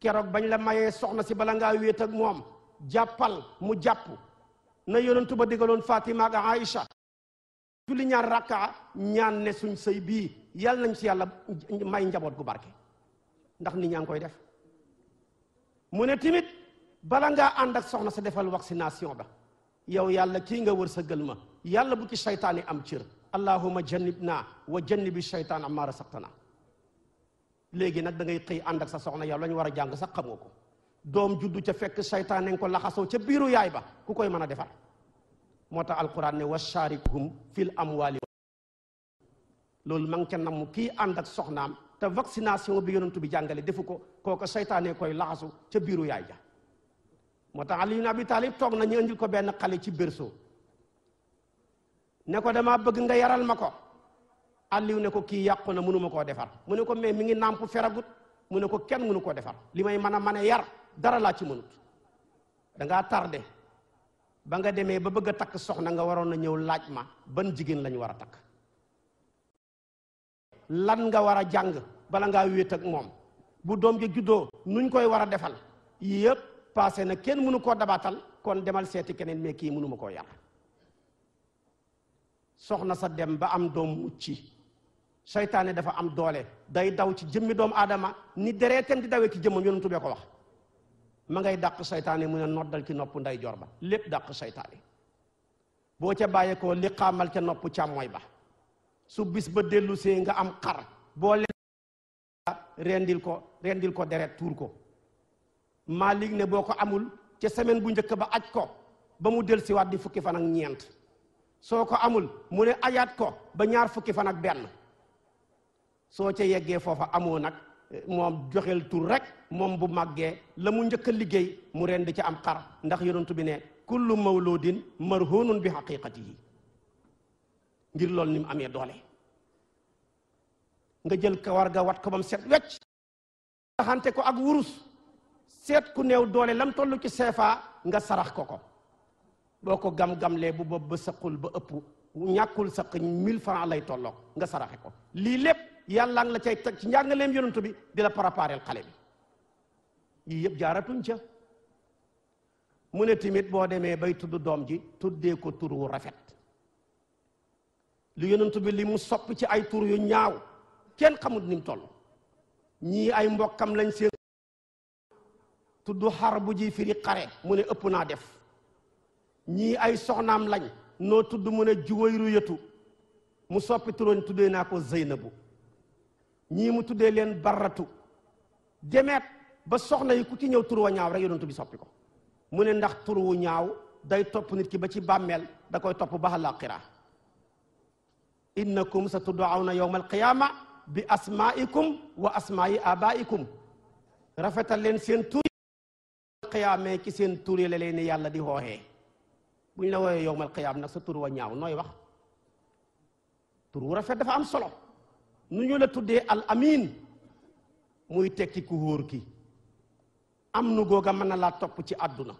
keroog bañ la mayee soxna si bala ngaa wéet ak moom jàppal mu jàpp na yonentu ba digaloon Fatima ak Aïcha julli ñaar rakka ñaan ne suñ sëy bii yàlla nañ si yàlla may njaboot gu barke ndax nit ñaa ngi koy def mu ne tamit bala ngaa ànd ak soxna sa defal waxsination ba yow yàlla kii nga wërsëgal ma yàlla bu ci seytaane am cër allahuma jannib naa wa jannibi shaytaan amma rasaqtana léegi nag da ngay xëy ànd ak sa soxna yow la war a jàng sax xam nga ko doom juddu ca fekk shaytaan ko laxasoo ca biiru yaay ba ku koy mën a defar moo tax alquran ne washarikuhum fil amwali loolu ma ngi kii ànd soxnaam te vaccination bi yonentu bi jàngale defu ko kooka seytaane koy laxasu ca biiru yaay ja moo tax Ali ibn Abi toog na ñu indil ko benn xale ci soo ne ko damaa bëgg nga yaral ma ko Aliou ne ko kii yàqu na mënuma koo defar mu ne ko mais mi ngi nàmp feragut mu ne ko kenn mënu koo defar li may mën a mën a yar dara laa ci mënut da ngaa tardé ba nga demee ba bëgg a takk soxna nga waroon a ñëw laaj ma ban jigéen lañ war a takk lan nga war a jàng bala ngaa wéet moom bu doom ji juddoo nuñ koy war a defal yëpp passé na kenn mënu koo dabaatal kon demal seeti keneen mais kii mënuma ma koo yar soxna sa dem ba am doom ci seytaane dafa am doole day daw ci jëmmi doomu aadama ni dereetam di dawee ci jëmmam yoonu bee ko wax ma ngay dàq seytaane mu ne noddal ci noppu ndeyjoor ba lépp dàq seytaane boo ca bàyyeekoo li xaamal ca nopp càmmooy ba su bis ba dellu see nga am xar boo leen rendil ko rendil ko deret tuur ko Malik ne boo ko amul ca semaine bu njëkk ba aj ko ba mu del siwaat di fukki fan ak ñeent soo ko amul mu ne ajaat ko ba ñaar fukki fan ak benn soo ca yeggee foofa amoo nag moom joxel tur rek moom bu màggee la mu njëkk liggéey mu ren di ca am xar ndax yonent bi ne kullu mawludin marhunun bi haqiqatihi ngir loolu ni mu amee doole nga jël kawar ga wat ko bam set wecc taxante ko ak wurus seet ku néew doole lam toll ci seefaa nga sarax ko ko boo ko gam-gamlee bu ba ba sëqul ba ëpp ñàkkul sëq mille francs lay tollook nga saraxe ko lii lépp yàlla ngi la cay teg ci njàngaleem yonent bi di la préparel xale bi yii yëpp jaaratuñ ca mu ne tamit boo demee bay tudd doom ji tuddee ko tur wu rafet lu yonent bi li mu sopp ci ay tur yu ñaaw kenn xamut ni mu toll ñii ay mbokkam lañ seen tudd xar bu ji firi xare mu ne ëpp naa def ñii ay soxnaam lañ noo tudd mu ne juwayru mu soppi turoon tuddee naa ko zeynabu ñii mu tuddee leen baratu demeet ba soxna yi ku ci ñëw tur wa ñaaw rek yonent bi soppi ko mu ne ndax tur wu ñaaw day topp nit ki ba ci bàmmeel da koy topp ba àllaaxira innakum sa na yowma alqiyaama bi asmaikum wa asmaai abaikum rafetal leen seen tur qiyaamee ci seen tur yi la leen yàlla di hooxee buñ la wooyee yowmal xiyaam nag sa tur wa ñaaw nooy wax tur wu rafet dafa am solo nu ñu la tuddee al amin muy tekki ku wóor ki am nu googa mën na laa topp ci àdduna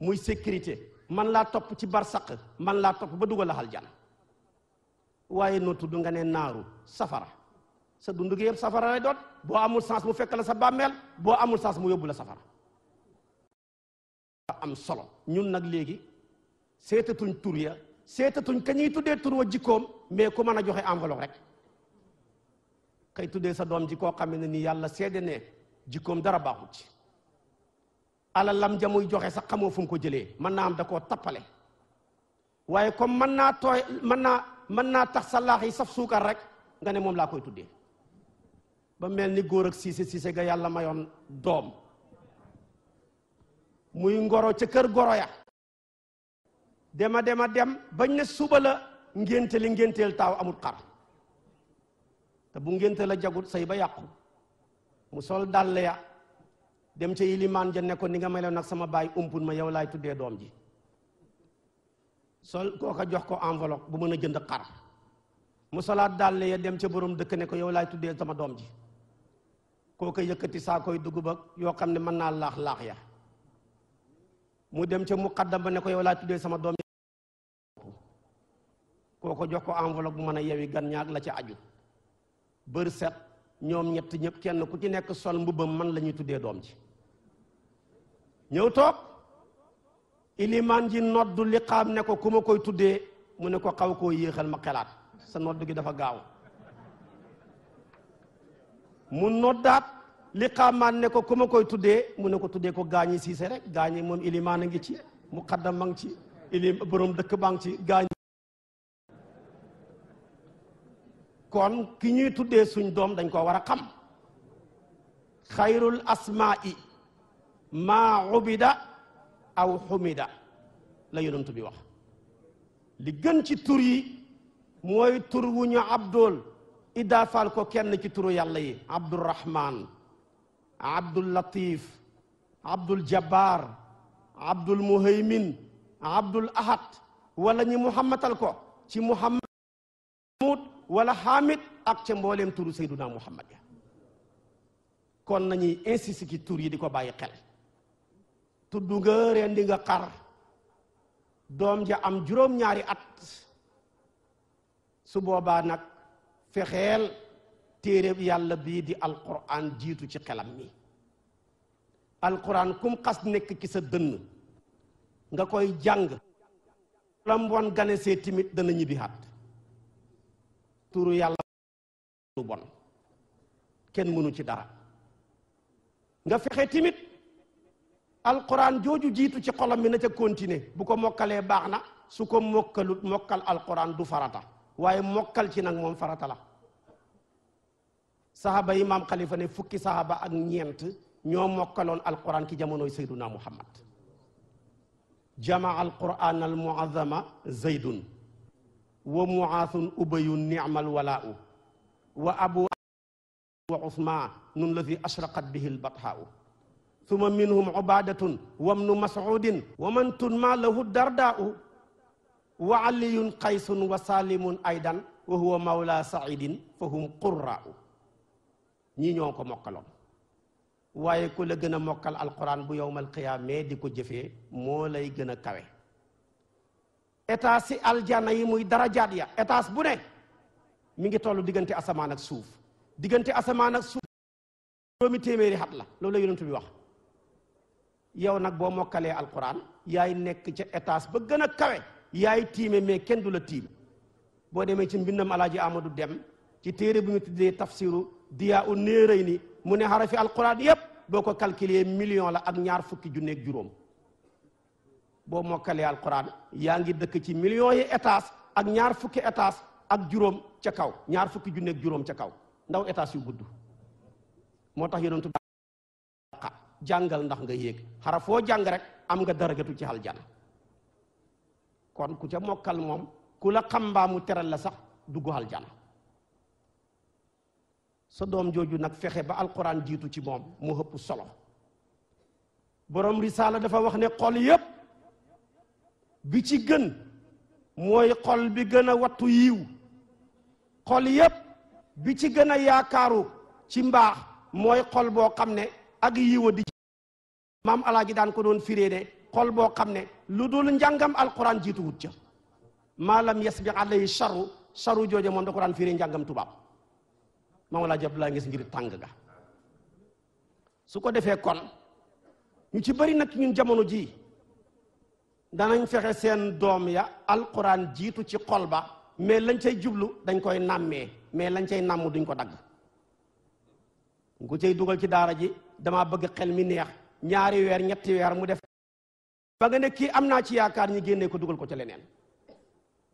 muy sécurité man laa topp ci barsaq man laa topp ba dugal la aljana waaye noo tudd nga ne naaru safara sa dund gi yëpp safara lay doon boo amul sens mu fekk la sa bàmmeel boo amul sens mu yóbbu la safara am solo ñun nag léegi seetatuñ tur ya seetatuñ ka ñuy tuddee tur wa jikkoom mais ku mën a joxe enveloppe rek kay tuddee sa doom ji koo xam ne ni yàlla seede ne jikkoom dara baaxul ci alalam ja muy joxe sax xamoo fu ko jëlee mën naa am da koo tappale waaye comme mën naa tooy mën naa mën naa tax sa laax yi saf suukar rek nga ne moom laa koy tuddee ba mel ni góor ak siise siise ga yàlla mayoon doom muy ngoro ca kër goro ya dema dema dem bañ ne suba la ngénte li ngénteel taaw amul xar te bu ngénte la jagut say ba yàqu mu sol dàll ya dem ca ilimaan ja ne ko ni nga meloon nag sama baay umpun ma yow laay tuddee doom ji sol kooka jox ko enveloppe bu mën a jënd xar mu solaat dàll ya dem ca borom dëkk ne ko yow laay tuddee sama doom ji kooka yëkkati saa koy dugub ak yoo xam ne mën naa laax laax ya mu dem ca muqaddam ba ne ko yow laa tuddee sama doom kooko jox ko enveloppe bu mën a yewi gan ñaag la ca aju bër set ñoom ñett ñëpp kenn ku ci nekk sol mbubbam man la ñuy tuddee doom ji ñëw toog ilimaan ji noddu liqaam ne ko ku ma koy tuddee mu ne ko xaw koo yéexal ma xelaat sa dafa gaaw mu noddaat liqaamaan ne ko ku ma koy tuddee mu ne ko tuddee ko gaañi siise rek gaañi moom ilimaan a ngi ci muqaddam a ngi ci ilim borom dëkk baa ci gaañ kon ki ñuy tuddee suñ doom dañ koo war a xam xayrul asmaa'i maa ubida aw xumida la yonent bi wax li gën ci tur yi mooy tur wu ñu abdul idaafaal ko kenn ci turu yàlla yi abdurrahman abdul latif abdul jabbar abdul muhaymin abdul ahad wala ñi muhammatal ko ci muhammad wala Hamid ak ca mbooleem turu Seyduna Muhammad ya kon nañuy insiste tur yi di ko bàyyi xel tudd nga reen di nga xar doom ja am juróom-ñaari at su boobaa nag fexeel téereb yàlla bii di alquran jiitu ci xelam mi alquran kum xas nekk ci sa dënn nga koy jàng la gane see timit dana ñibbi hat turu yàlla kenn mënu ci dara nga fexe timit alquran jooju jiitu ci xolam mi na ca continuer bu ko mokkalee baax na su ko mokkalut mokkal alquran du farata waaye mokkal ci nag moom farata la sahaba yi maam xalifa ne fukki sahaba ak ñeent ñoo mokkaloon alquran ki jamonoy sayduna muhammad jamaa alquran almuazama zaydun wa muaasun ubayun ni'mal walaa'u wa abu wa usmaan nun la fi ashraqat bihi lbathaa'u suma minhum ubadatun wa ibnu mas'udin wa man tunma lahu dardaa'u wa aliyun qaysun wa salimun aydan wa huwa mawla saidin fa hum qurraa'u ñii ñoo ko mokkaloon waaye ku la gën a mokkal alquran bu yowmal qiyaama di ko jëfee moo lay gën a kawe étage si aljana yi muy darajaat ya étage bu ne mu ngi toll diggante asamaan ak suuf diggante asamaan ak suuf juróomi téeméeri xat la loolu la yonent wax yow nag boo mokkalee alquran yaay nekk ca étage ba gën a kawe yaay tiime mais kenn du la tiim boo demee ci mbindam alaaji Amadou Dem ci téere bu mu tuddee tafsiru diyaa u néeray ni mu ne xarafi alquran yépp boo ko calculer million la ak ñaar fukki junneeg juróom boo mokkalee alquran yaa ngi dëkk ci million yi étages ak ñaar fukki étages ak juróom ca kaw ñaar fukki junneeg juróom ca kaw ndaw étages yu gudd moo tax yonentu daqa jàngal ndax nga yéeg xara foo jàng rek am nga daragatu kon ku ca mokkal ku la xam teral la sax dugg aljana sa doom jooju nag fexe ba alquran jiitu ci moom mu ëpp solo borom dafa wax ne xool yépp bi ci gën mooy xol bi gën a wattu yiw xol yépp bi ci gën a yaakaaru ci mbaax mooy xol boo xam ne ak yiwa di maam alaaji daan ko doon firée ne xol boo xam ne lu dul njàngam alquran jiituwut ca maalam yes bi alay saru charu jooje moom da ko daan firée njàngam tubaab maam alaaji abdulaa ngis ngir tàng ga su ko defee kon ñu ci bëri nag ñun jamono ji danañ fexe seen doom ya alxuraan jiitu ci xol ba mais lañ cay jublu dañ koy nàmmee mais lañ cay nàmmu duñ ko dagg nga ko cay dugal ci daara ji dama bëgg xel mi neex ñaari weer ñetti weer mu def ba nga kii am naa ci yaakaar ñi génnee ko dugal ko ci leneen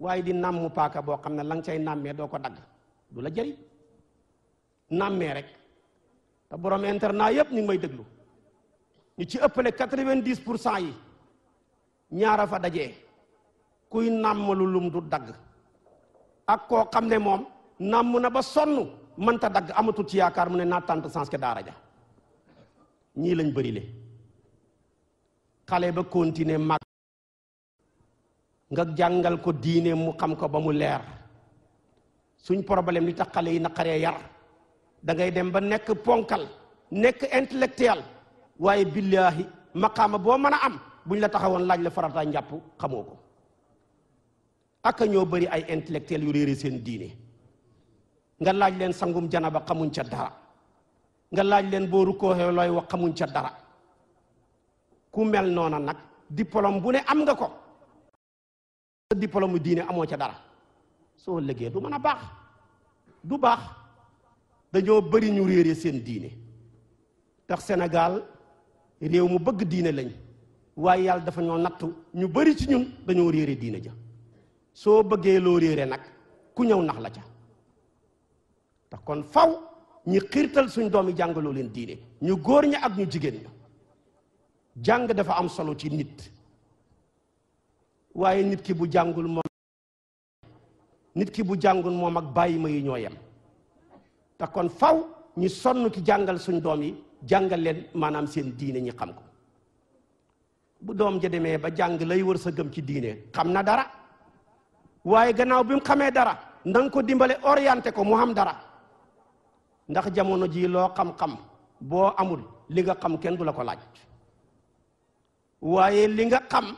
waaye di nàmm paaka boo xam ne la nga cay nàmmee doo ko dagg du la jëriñ nàmmee rek te borom internat yépp ñu ngi may déglu ñu ci ëppale quatre-vingt-dix pour cent yi ñaara fa daje kuy nàmmalu lum du dagg ak koo xam ne moom nàmm na ba sonn mënta dagg amatul ci yaakaar mu ne naa tànt sans que daara ja ñii lañ bëri le xale ba continuer mag nga jàngal ko diine mu xam ko ba mu leer suñ problème li tax xale yi naqaree yar da ngay dem ba nekk ponkal nekk intellectuel waaye billaahi maqaama boo mën a am bu buñ la taxawoon laaj la farata njàpp xamoo ko ak ñoo bari ay intellectuels yu réere seen diine nga laaj leen sangum janaba xamuñ ca dara nga laaj leen boo rukkooxee looy wax xamuñ ca dara ku mel noona nag diplôme bu ne am nga ko sa diplôme diine amoo ca dara soo lëggee du mën a baax du baax dañoo bari ñu réere seen diine tax Sénégal réew mu bëgg diine lañ waaye yàlla dafa ñoo nattu ñu bari ci ñun dañoo réere diina ja soo bëggee loo réere nag ku ñëw nax la ca te kon faw ñi xiirtal suñ doom yi jàngaloo leen diine ñu góor ñi ak ñu jigéen ña jàng dafa am solo ci nit waaye nit ki bu jàngul moom nit ki bu jàngul moom ak bàyyi ma yi ñoo yem te kon faw ñu sonn ki jàngal suñu doom yi jàngal leen maanaam seen diine ñi xam ko bu doom ja demee ba jàng lay wër sa gëm ci diine xam na dara waaye gannaaw bi xamee dara na nga ko dimbale orienté ko mu xam dara ndax jamono ji loo xam-xam boo amul li nga xam kenn du la ko laaj waaye li nga xam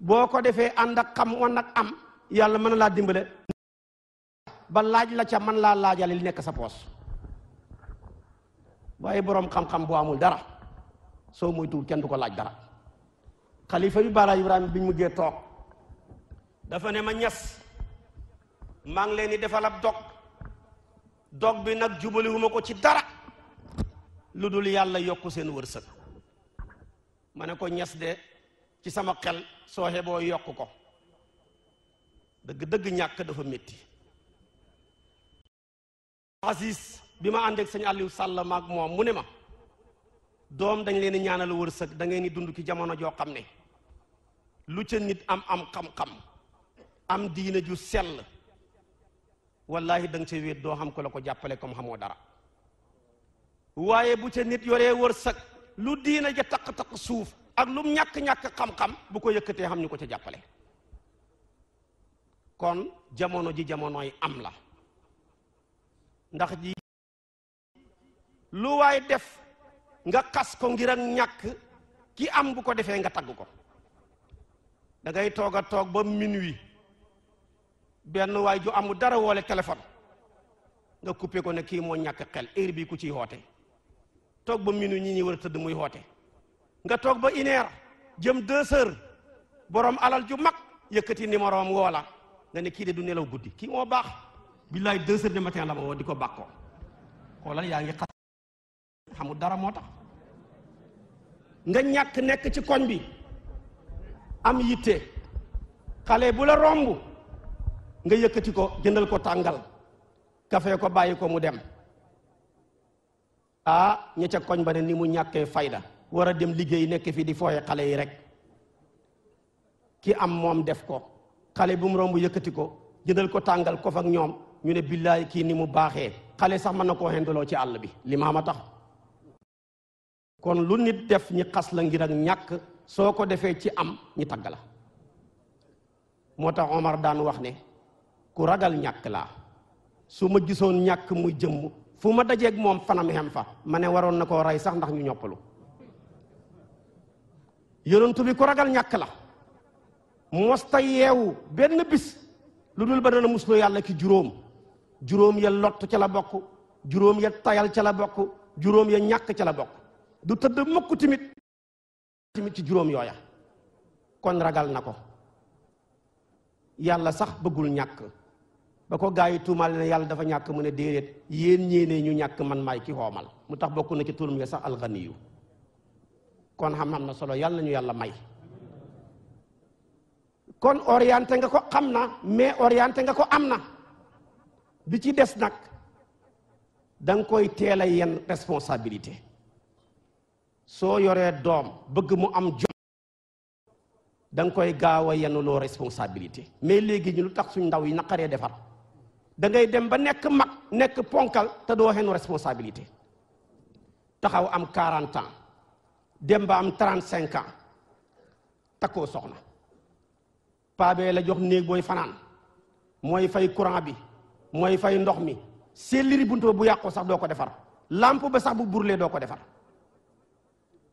boo ko defee ànd ak xam wan ak am yàlla mën na laa dimbale ba laaj la ca man laa laajale li nekk sa poos waaye boroom xam-xam boo amul dara soo moytuwul kenn du ko laaj dara xalifa yu Baara Ibrahima bi ñu mujjee toog dafa ne ma ñas maa ngi leen di defal ab dog dog bi nag jubaliwuma ko ci dara lu dul yàlla yokk seen wërsëg ma ne ko ñas de ci sama xel soo xeboo yokk ko dëgg dëgg ñàkk dafa metti Aziz bi ma ànd ak sëñ Aliou Sall maag moom mu ne ma doom dañ leen di ñaanal wërsëg da ngeen di dund ci jamono joo xam ne lu ca nit am am xam-xam am diina ju sell wallahi da nga see wéet doo xam ko la ko jàppale comme xamoo dara waaye bu ca nit yoree wërsëg lu diina ja taq-taq suuf ak lu ñàkk-ñàkk xam-xam bu ko yëkkatee xam ñu ko ci jàppale kon jamono ji jamonoy am la ndax ji lu waay def nga xas ko ngir ak ñàkk ki am bu ko defee nga tagg ko da ngay toog a toog ba minuit benn waay ju amul dara woole téléphone nga coupé ko ne kii moo ñàkk xel heure bi ku ciy xoote toog ba minuit ñi ñi war a tëdd muy xoote nga toog ba une jëm deux boroom alal ju mag yëkkati numéro am nga ne kii de du nelaw guddi kii moo baax billaay deux heures du matin la di ko bàkkoo xoolal yaa ngi dara moo tax nga ñàkk nekk ci koñ bi am yitte xale bu la romb nga yëkkati ko jëndal ko tàngal kafe ko bàyyi ko mu dem ah ñi ca koñ ba ne ni mu ñàkkee fayda war a dem liggéey nekk fii di fooye xale yi rek ki am moom def ko xale bu mu romb yëkkati ko jëndal ko tàngal ko fak ñoom ñu ne billaay kii ni mu baaxee xale sax mën na koo xendaloo ci àll bi li a tax kon lu nit def ñi xas la ngir ak ñàkk soo ko defee ci am ñi tagg la moo tax Omar daan wax ne ku ragal ñàkk laa su ma gisoon ñàkk muy jëmm fu ma dajeek moom fanam xem fa ma ne waroon na koo rey sax ndax ñu ñoppalu yonentu bi ku ragal ñàkk la mosta yeewu benn bis lu dul ba dana muslu yàlla ki juróom juróom ya lott ca la bokk juróom ya tayal ca la bokk juróom ya ñàkk ca la bokk du tëdd mukk timit tamit ci juróom yooya kon ragal na ko yàlla sax bëggul ñàkk ba ko gaa yi tuumaal na yàlla dafa ñàkk mu ne déedéet yéen ñéenee ñu ñàkk man maay ki xoomal mu tax bokku na ci turam ya sax alxaniyu kon xam-xam na solo yàlla nañu yàlla may kon orienté nga ko xam na mais orienté nga ko am na bi ci des nag da koy teel a yenn responsabilité soo yoree doom bëgg mu am jom koy gaaw a yenuloo responsabilité mais léegi ñu lu tax suñ ndaw yi naqaree defar da ngay dem ba nekk mag nekk ponkal te doo xenu responsabilité taxaw am 40 ans dem ba am 35 ans takkoo soxna paabee la jox néeg booy fanaan mooy fay courant bi mooy fay ndox mi seeliri bunt ba bu yàqoo sax doo ko defar làmp ba sax bu burlee doo ko defar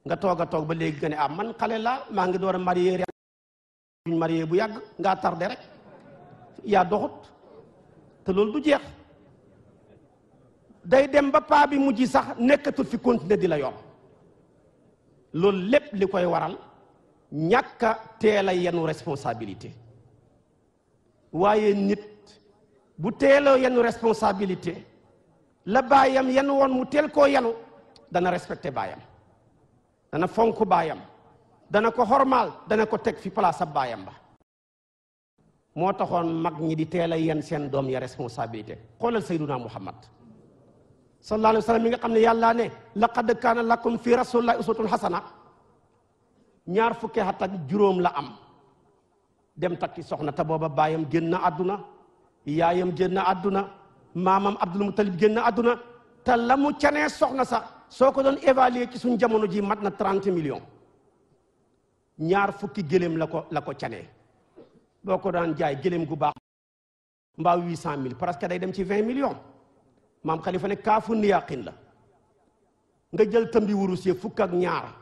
nga toog a toog ba léegi nga ne ah man xale la maa ngi door a marié duñ marié bu yàgg ngaa tardé rek yaa doxut te loolu du jeex day dem ba paa bi mujj sax nekkatul fi continuer di la yor loolu lépp li koy waral ñàkk a teel yenu responsabilité waaye nit bu teeloo yenu responsabilité la baayam yenn woon mu teel koo yenu dana respecté baayam dana fonk baayam dana ko xormaal dana ko teg fi place ab baayam ba moo taxoon mag ñi di teel a yenn seen doom ya responsabilité xoolal sayduna muhammad sallallahu alayhi wa sallam mi nga xam ne yàllaa ne laqad kaana lakum fi rasulillahi uswatun hasana ñaar fukki at ak juróom la am dem takki soxna te booba baayam génn na àdduna yaayam génn na àdduna maamam abdul mutalib génn na àdduna te la soxna sax soo ko doon évaluer ci suñ jamono ji mat na trente million ñaar fukki gëléem la ko la ko canee boo ko daan jaay gëléem gu baax mbaa huit cent mille parce que day dem ci vingt millions maam xalifa ne kaafu niyaqin la nga jël tëmbi wurus yi fukk ak ñaar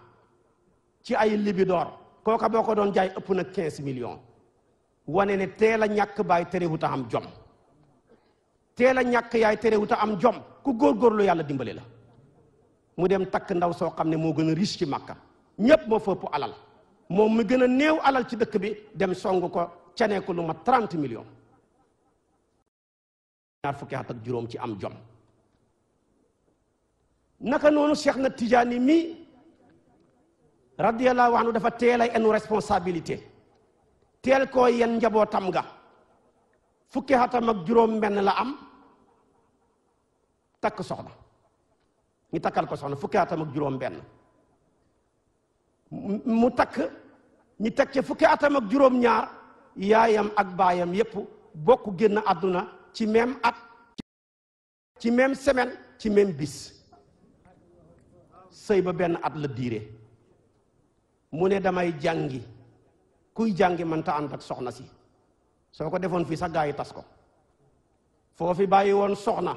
ci ay libidoor kooka boo ko doon jaay ëpp na quinze million wane ne teel a ñàkk baay terewut a am jom teel a ñàkk yaay terewut a am jom ku góorgóorlu yàlla dimbali la mu dem takk ndaw soo xam ne moo gën a riche ci Makka ñépp moo fëpp alal moom mu gën a néew alal ci dëkk bi dem song ko cenee ko lu mat 30 millions juróom ci am jom naka noonu Cheikh na Tijaani mi radiyallahu anhu dafa teel ay enu responsabilité teel koo yen njabootam ga fukki atam ak juróom benn la am takk soxna ñu takkal ko soxna fukki atamak ak juróom benn mu takk ñu teg ca fukki atam ak juróom ñaar yaayam ak baayam yépp bokk génn àdduna ci même at ci même semaine ci même bis sëy ba benn at la diire mu ne damay jàngi kuy jàngi mënta ànd ak soxna si soo ko defoon fii sax gaa yi tas ko foofi bàyyi woon soxna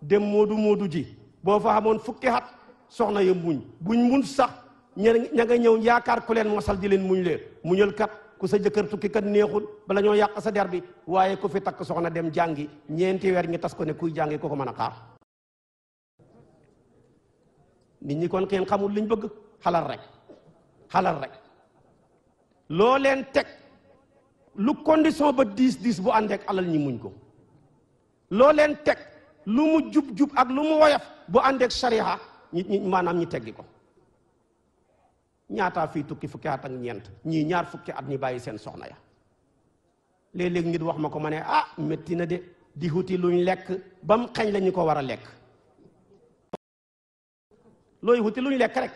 dem moodu moodu ji boo fa amoon fukki at soxna yi muñ buñ muñ sax ña ña nga ñëw yaakaar ku leen mosal di leen muñ leen muñal kat ku sa jëkkër tukki kat neexul bala ñoo yàq sa der bi waaye ku fi takk soxna dem jàngi ñeenti weer ñi tas ko ne kuy jàngi ko ko mën a xaar nit ñi kon kenn xamul liñ bëgg xalal rek xalal rek loo leen teg lu condition ba diis diis bu àndeek alal ñi muñ ko loo leen teg lu mu jub-jub ak lu mu woyof bu àndeek sariya ñi maanaam ñi teggi ko ñaataa fii tukki fukki at ak ñeent ñii ñaar fukki at ñi bàyyi seen soxna ya léeg wax ma ko ma ah métti na de di huti luñ lekk ba xañ la ko war a lekk looy huti luñ lekk rek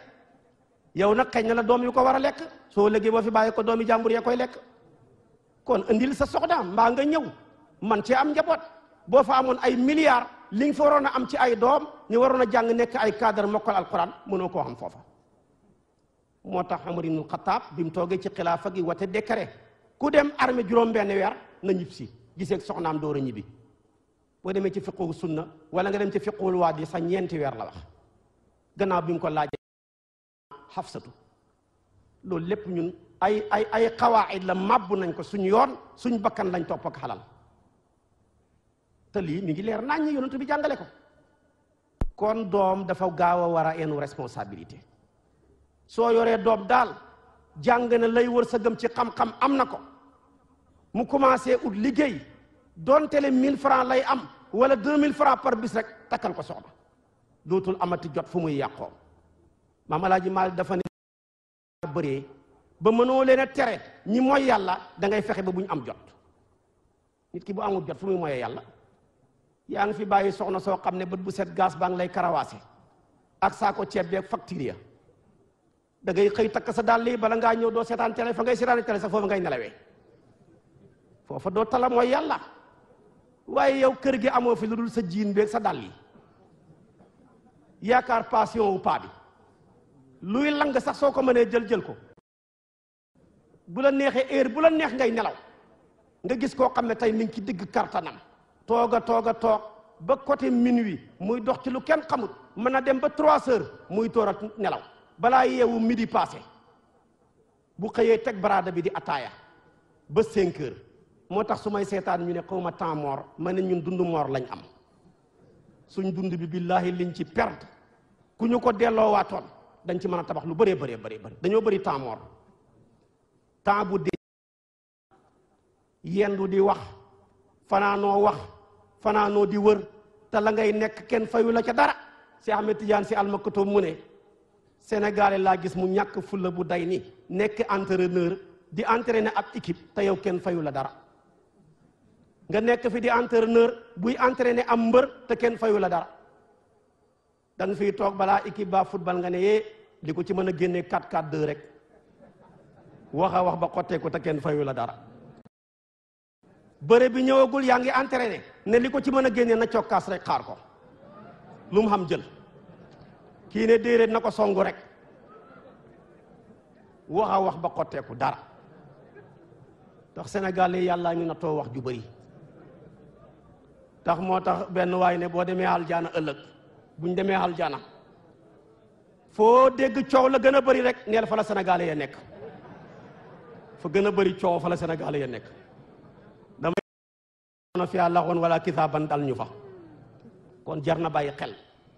yow nag xañ na la doom yu ko war a lekk soo léegi boo fi bàyyi ko doomi jàmbur yee koy lekk kon indil sa soxna mbaa nga ñëw man cee am njaboot boo fa amoon ay milliar li nga waroon a am ci ay doom ñu waroon a jàng nekk ay cadre mokkal alquran mënoo koo xam foofa moo tax Umar ibnul Xattaab bi mu toogee ci xilaafa gi wate décret ku dem arme juróom-benn weer na ñib si giseeg soxnaam door a ñibbi boo demee ci fiqhu na wala nga dem ci fiqhul waadi sa ñeenti weer la wax gannaaw bi ko laajee loolu lépp ñun ay ay ay nañ ko suñ yoon suñ bakkan lañ topp ak te lii mi ngi leer naa naññ yonent bi jàngale ko kon doom dafa gaaw a war a enu responsabilité soo yoree doom daal jàng na lay wër sa gëm ci xam-xam am na ko mu commencé ut liggéey doonte tele 1000 francs lay am wala mille francs par bis rek takkal ko soxna dootul amati jot fu muy yàqoo maam alaaji maal dafa ne bëree ba mënoo leen a tere ñi mooy yàlla da ngay fexe ba bu am jot nit ki bu amul jot fu muy moyee yàlla yaa ngi fi bàyyi soxna soo xam ne bët bu set gaas baa ngi lay karawaase ak saako ceeb beeg facture dangay da xëy takk sa dàll yi bala ngaa ñëw doo seetaan télé fa ngay seetaan télé sax foofu ngay nelawee foofa doo tala yàlla waaye yow kër gi amoo fi lu sa jiin sa dàll yi yaakaar passion wu luy lang sax soo ko mënee jël jël ko bu la neexee heure bu la neex ngay nelaw nga gis koo xam ne tey mi ngi ci digg kartanam toog a toog a toog ba côté minuit muy dox ci lu kenn xamut mën a dem ba trois heures muy tóor ak nelaw balaa yeewu midi passé bu xëyee teg baraada bi di ataaya ba cinq moo tax su may seetaan ñu ne xaw ma temps mort ma ne ñun dund mort lañ am suñ dund bi billaahi liñ ci perte ku ñu ko delloo waatoon dañ ci mën a tabax lu bëree bëree bëri dañoo bari temps mort temps bu dee yendu di wax fanaanoo wax fanaanoo di wër te la ngay nekk kenn fayu la ca dara si Ahmed Tidiane si almakatoom mu ne Sénégalais laa gis mu ñàkk fulla bu day ni nekk entraîneur di entraîner ab équipe te yow kenn fayu la dara nga nekk fi di entraîneur buy entraîner am mbër te kenn fayula dara da fiy toog balaa équipe ba football nga ne yee eh, li ko ci mën a génnee 4-4-2 rek wax a wax ba ko te kenn fayu la dara bëre bi ñëwagul yaa ngi entraîné ne li ko ci mën a génne na cokkaas rek xaar ko lu mu xam jël kii ne déedéet na ko songu rek wax wax ba xotteeku dara tax Sénégal yi yàllaa ñu nattoo wax ju bëri tax moo tax benn waay ne boo demee aljaana ëllëg buñ demee aljaana foo dégg coow la gën a bari rek neel fa la Sénégal ya nekk fa gën a bari coow fa la Sénégal ya nekk na fi àlla xoon wala kisaaban dal ñu fa kon jar na bàyyi xel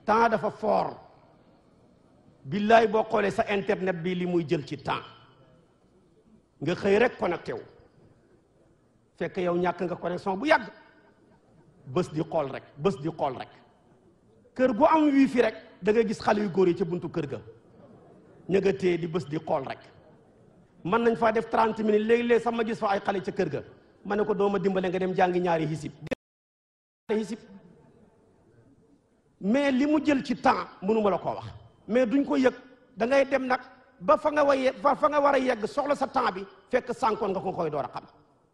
temps dafa foor billaay boo xoolee sa internet bi li muy jël ci temps nga xëy rek connecté wu fekk yow ñàkk nga connexion bu yàgg bés di xool rek bës di xool rek kër gu am wifi rek da gis xale yu góor yi ca buntu kër ga ña nga di bës di xool rek mën nañ faa def 30 minutes léegi-léeg sax ma gis fa ay xale ca kër ga ma ne ko dooma dimbale nga dem jàngi ñaari hisib ñaari hisib mais li mu jël ci temps mënuma la koo wax mais duñ ko yëg da ngay dem nag ba fa nga waye fa nga war a yegg soxla sa temps bi fekk sànkoon nga ko koy door a xam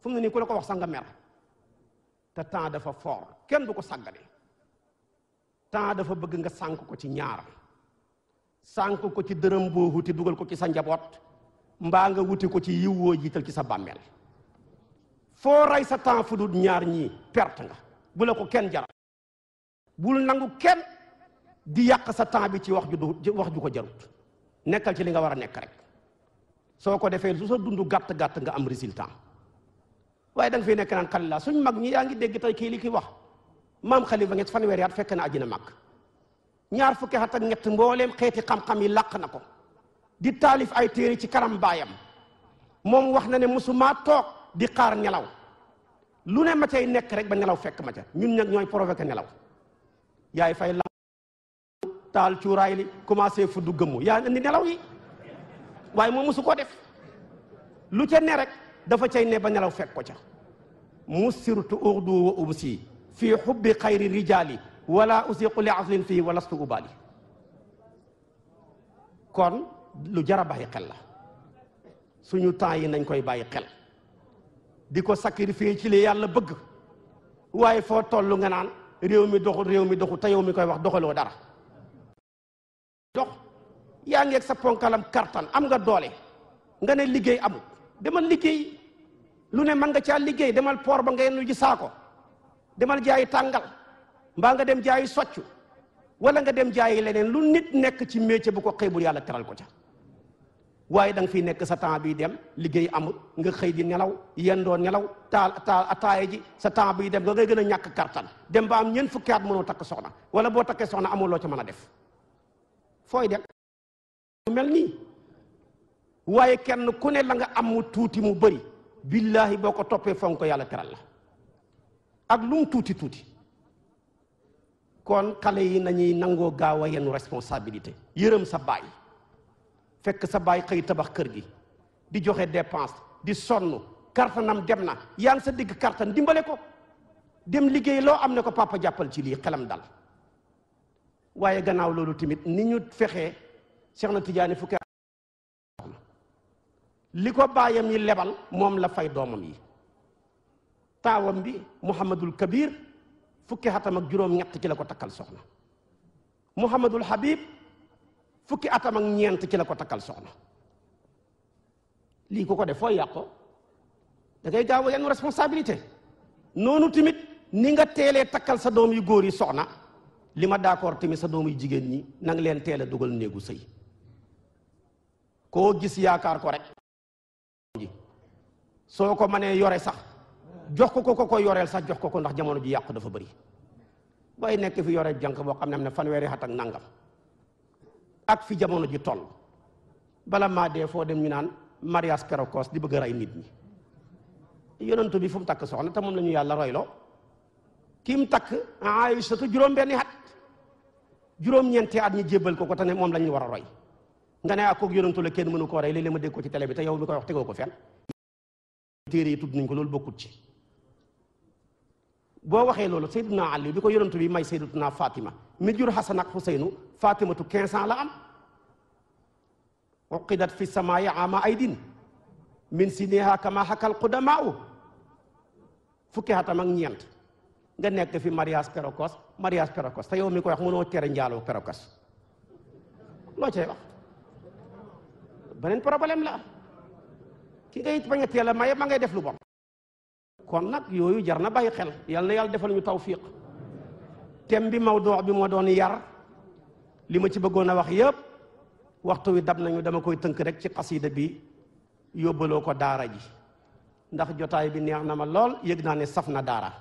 fu nga ne nii ku la ko wax sax mer te temps dafa fort kenn du ko sàggane temps dafa bëgg nga sànk ko ci ñaar sànk ko ci dërëm boo wuti dugal ko ci sa njaboot mbaa nga wuti ko ci yiw woo jiital ci sa bàmmeel foo rey sa temps fu dul ñaar ñii perte nga bu la ko kenn jaral bul nangu kenn di yàq sa temps bi ci wax ju du wax ju ko jarut nekkal ci li nga war a nekk rek soo ko defee lu sa dund gàtt-gàtt nga am résultat waaye da nga fiy nekk naan xale la suñ mag ñi yaa ngi dégg tey kii li ki wax maam Khalifa Niass fanweeri at fekk na àjjana mag ñaar fukki at ak ñett mbooleem xeeti xam-xam yi làq na ko di taalif ay téere ci kanam baayam moom wax na ne musumaa toog di xaar nelaw lu ne ma cay nekk rek ba nelaw fekk ma ca ñun nag ñooy provoqué nelaw yaay fay la taal cuuraay li commencé fudd gëmmu yaa indi nelaw yi waaye moom mosu koo def lu ca ne rek dafa cay ne ba nelaw fekk ko ca mu sirtu urdu wa ubsi fii xubbi xayri rijaali wala usiqu li aslin fii walastu ubaali kon lu jara bàyyi xel la suñu temps yi nañ koy bàyyi xel di ko sacrifier ci li yàlla bëgg waaye foo toll nga naan réew mi doxul réew mi doxul te yow mi koy wax doxaloo dara dox yaa ngeeg sa ponkalam kartan am nga doole nga ne liggéey amul demal liggéey lu ne mën nga caa liggéey demal port ba nga yenn ji saako demal jaayi tàngal mbaa nga dem jaayi soccu walla nga dem jaayi leneen lu nit nekk ci métier bu ko bu yàlla teral ko ca waaye da nga fiy nekk sa temps bi dem liggéey amul nga xëy di nelaw yendoo nelaw taal taal ataaya ji sa temps biy dem nga ngay gën a ñàkk kartan dem ba am ñeent fukki at mënoo takk soxna wala boo takkee soxna amul loo ci man a def fooy dem mel nii waaye kenn ku ne la nga am mu tuuti mu bëri billaahi boo ko toppee fonk ko yàlla keral la ak lu mu tuuti tuuti kon xale yi nañuy nangoo gaaw a yenn responsabilité yërëm sa baay fekk sa baay xëy tabax kër gi di joxe dépense di sonn kartanam dem na yaa ngi sa digg kartan dimbale ko dem liggéey loo am ne ko papa jàppal ci lii xelam dal waaye gannaaw loolu tamit ni ñu fexee Cheikh na Tidiane fukki li ko baayam yi lebal moom la fay doomam yi taawam bi Mouhamadul Kabir fukki xatam ak juróom ñett ci la ko takkal soxna Mouhamadul Habib fukki atam ak ñeent ci la ko takkal soxna lii ko ko def foo yàqoo da ngay gaaw a yenn responsabilité noonu tamit ni nga teelee takkal sa doom yu góor yi soxna li ma d'accord tamit sa doom yu jigéen ñi nang leen teel a dugal néegu sëy koo gis yaakaar ko rek soo ko mënee yore sax jox ko ko ko ko yoreel sax jox ko ko ndax jamono ji yàqu dafa bëri booy nekk fi yore jànq boo xam ne am na fanweeri at ak nangam ak fi jamono ji toll bala maa dee foo dem ñu naan mariage précoce di bëgg rey nit ñi yonentu bi fu mu takk soxna te moom la ñu yàlla royloo ki mu takk Aysatu juróom benn at juróom-ñeenti at ñu jébbal ko ko te ne moom la ñu war a roy nga ne ak kook yonentu la kenn mënu koo rey léeg-léeg ma dégg ci télé bi te yow mi koy wax tegoo ko fenn téere yi ko loolu bokkut ci boo waxee loolu sayyiduna Ali bi ko yonantu bi may sayyidatuna Fatima mi jur Xasan ak Xuseynu Fatimatu 15 ans la am uqidat fi samaai ama aydin min siniha kama hakal qudamaau fukki atam ak ñeent nga nekk fi mariage précoce mariage précoce te yow mi ko wax mënoo tere njaaloo précoce loo cay wax beneen problème la ki ngay bañ a teel ma ngay def lu bon kon nag yooyu jar na bàyyi xel yal na yàlla defal ñu tawfiq thème bi mawduu bi ma doon yar li ma ci bëggoon a wax yëpp waxtu wi dab nañu dama koy tënk rek ci xasida bi yóbbaloo ko daara ji ndax jotaay bi neex na ma lool yëg naa ne saf na daara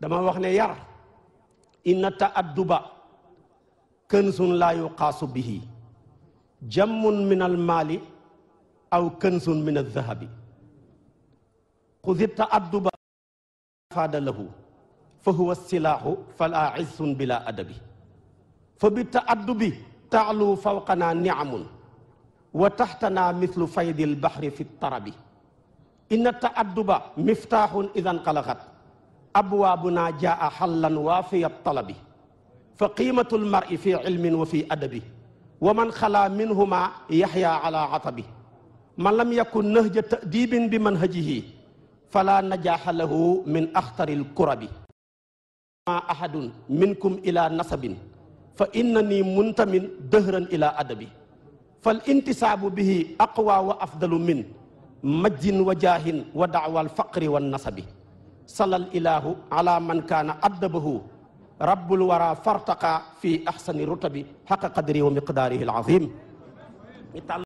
dama wax ne yar inna taadduba kënsun laa yuqaasu bihi jammun min al maali aw kënsun min al dhahabi xudita adduba faada lahu fa huwa silaahu fala isun bila adabi fa bi ta addubi taalu fawqanaa niamun wa taxtanaa mithlu faydil baxri fi tarabi inna taadduba miftaaxun idan xalaxat abwaabunaa jaa xallan waafiya talabi fa qiimatu lmari fi cilmin wa fi adabi wa man xalaa minhuma yaxyaa ala atabi man lam yakun nahja tadibin bi manhajihi fala najaaxa lahu min axtaril kurabi ma ahadun minkum ila nasabin fa innani muntamin dëhran ila adabi fal intisaabu bihi aqwa wa afdalu min majjin wa jaahin wa daawal faqri wa nasabi salal ilaahu ala man kaana addabahu rabbul wara fartaqa fi ahsani rutabi xaqa qadri wa miqdaarihi alazim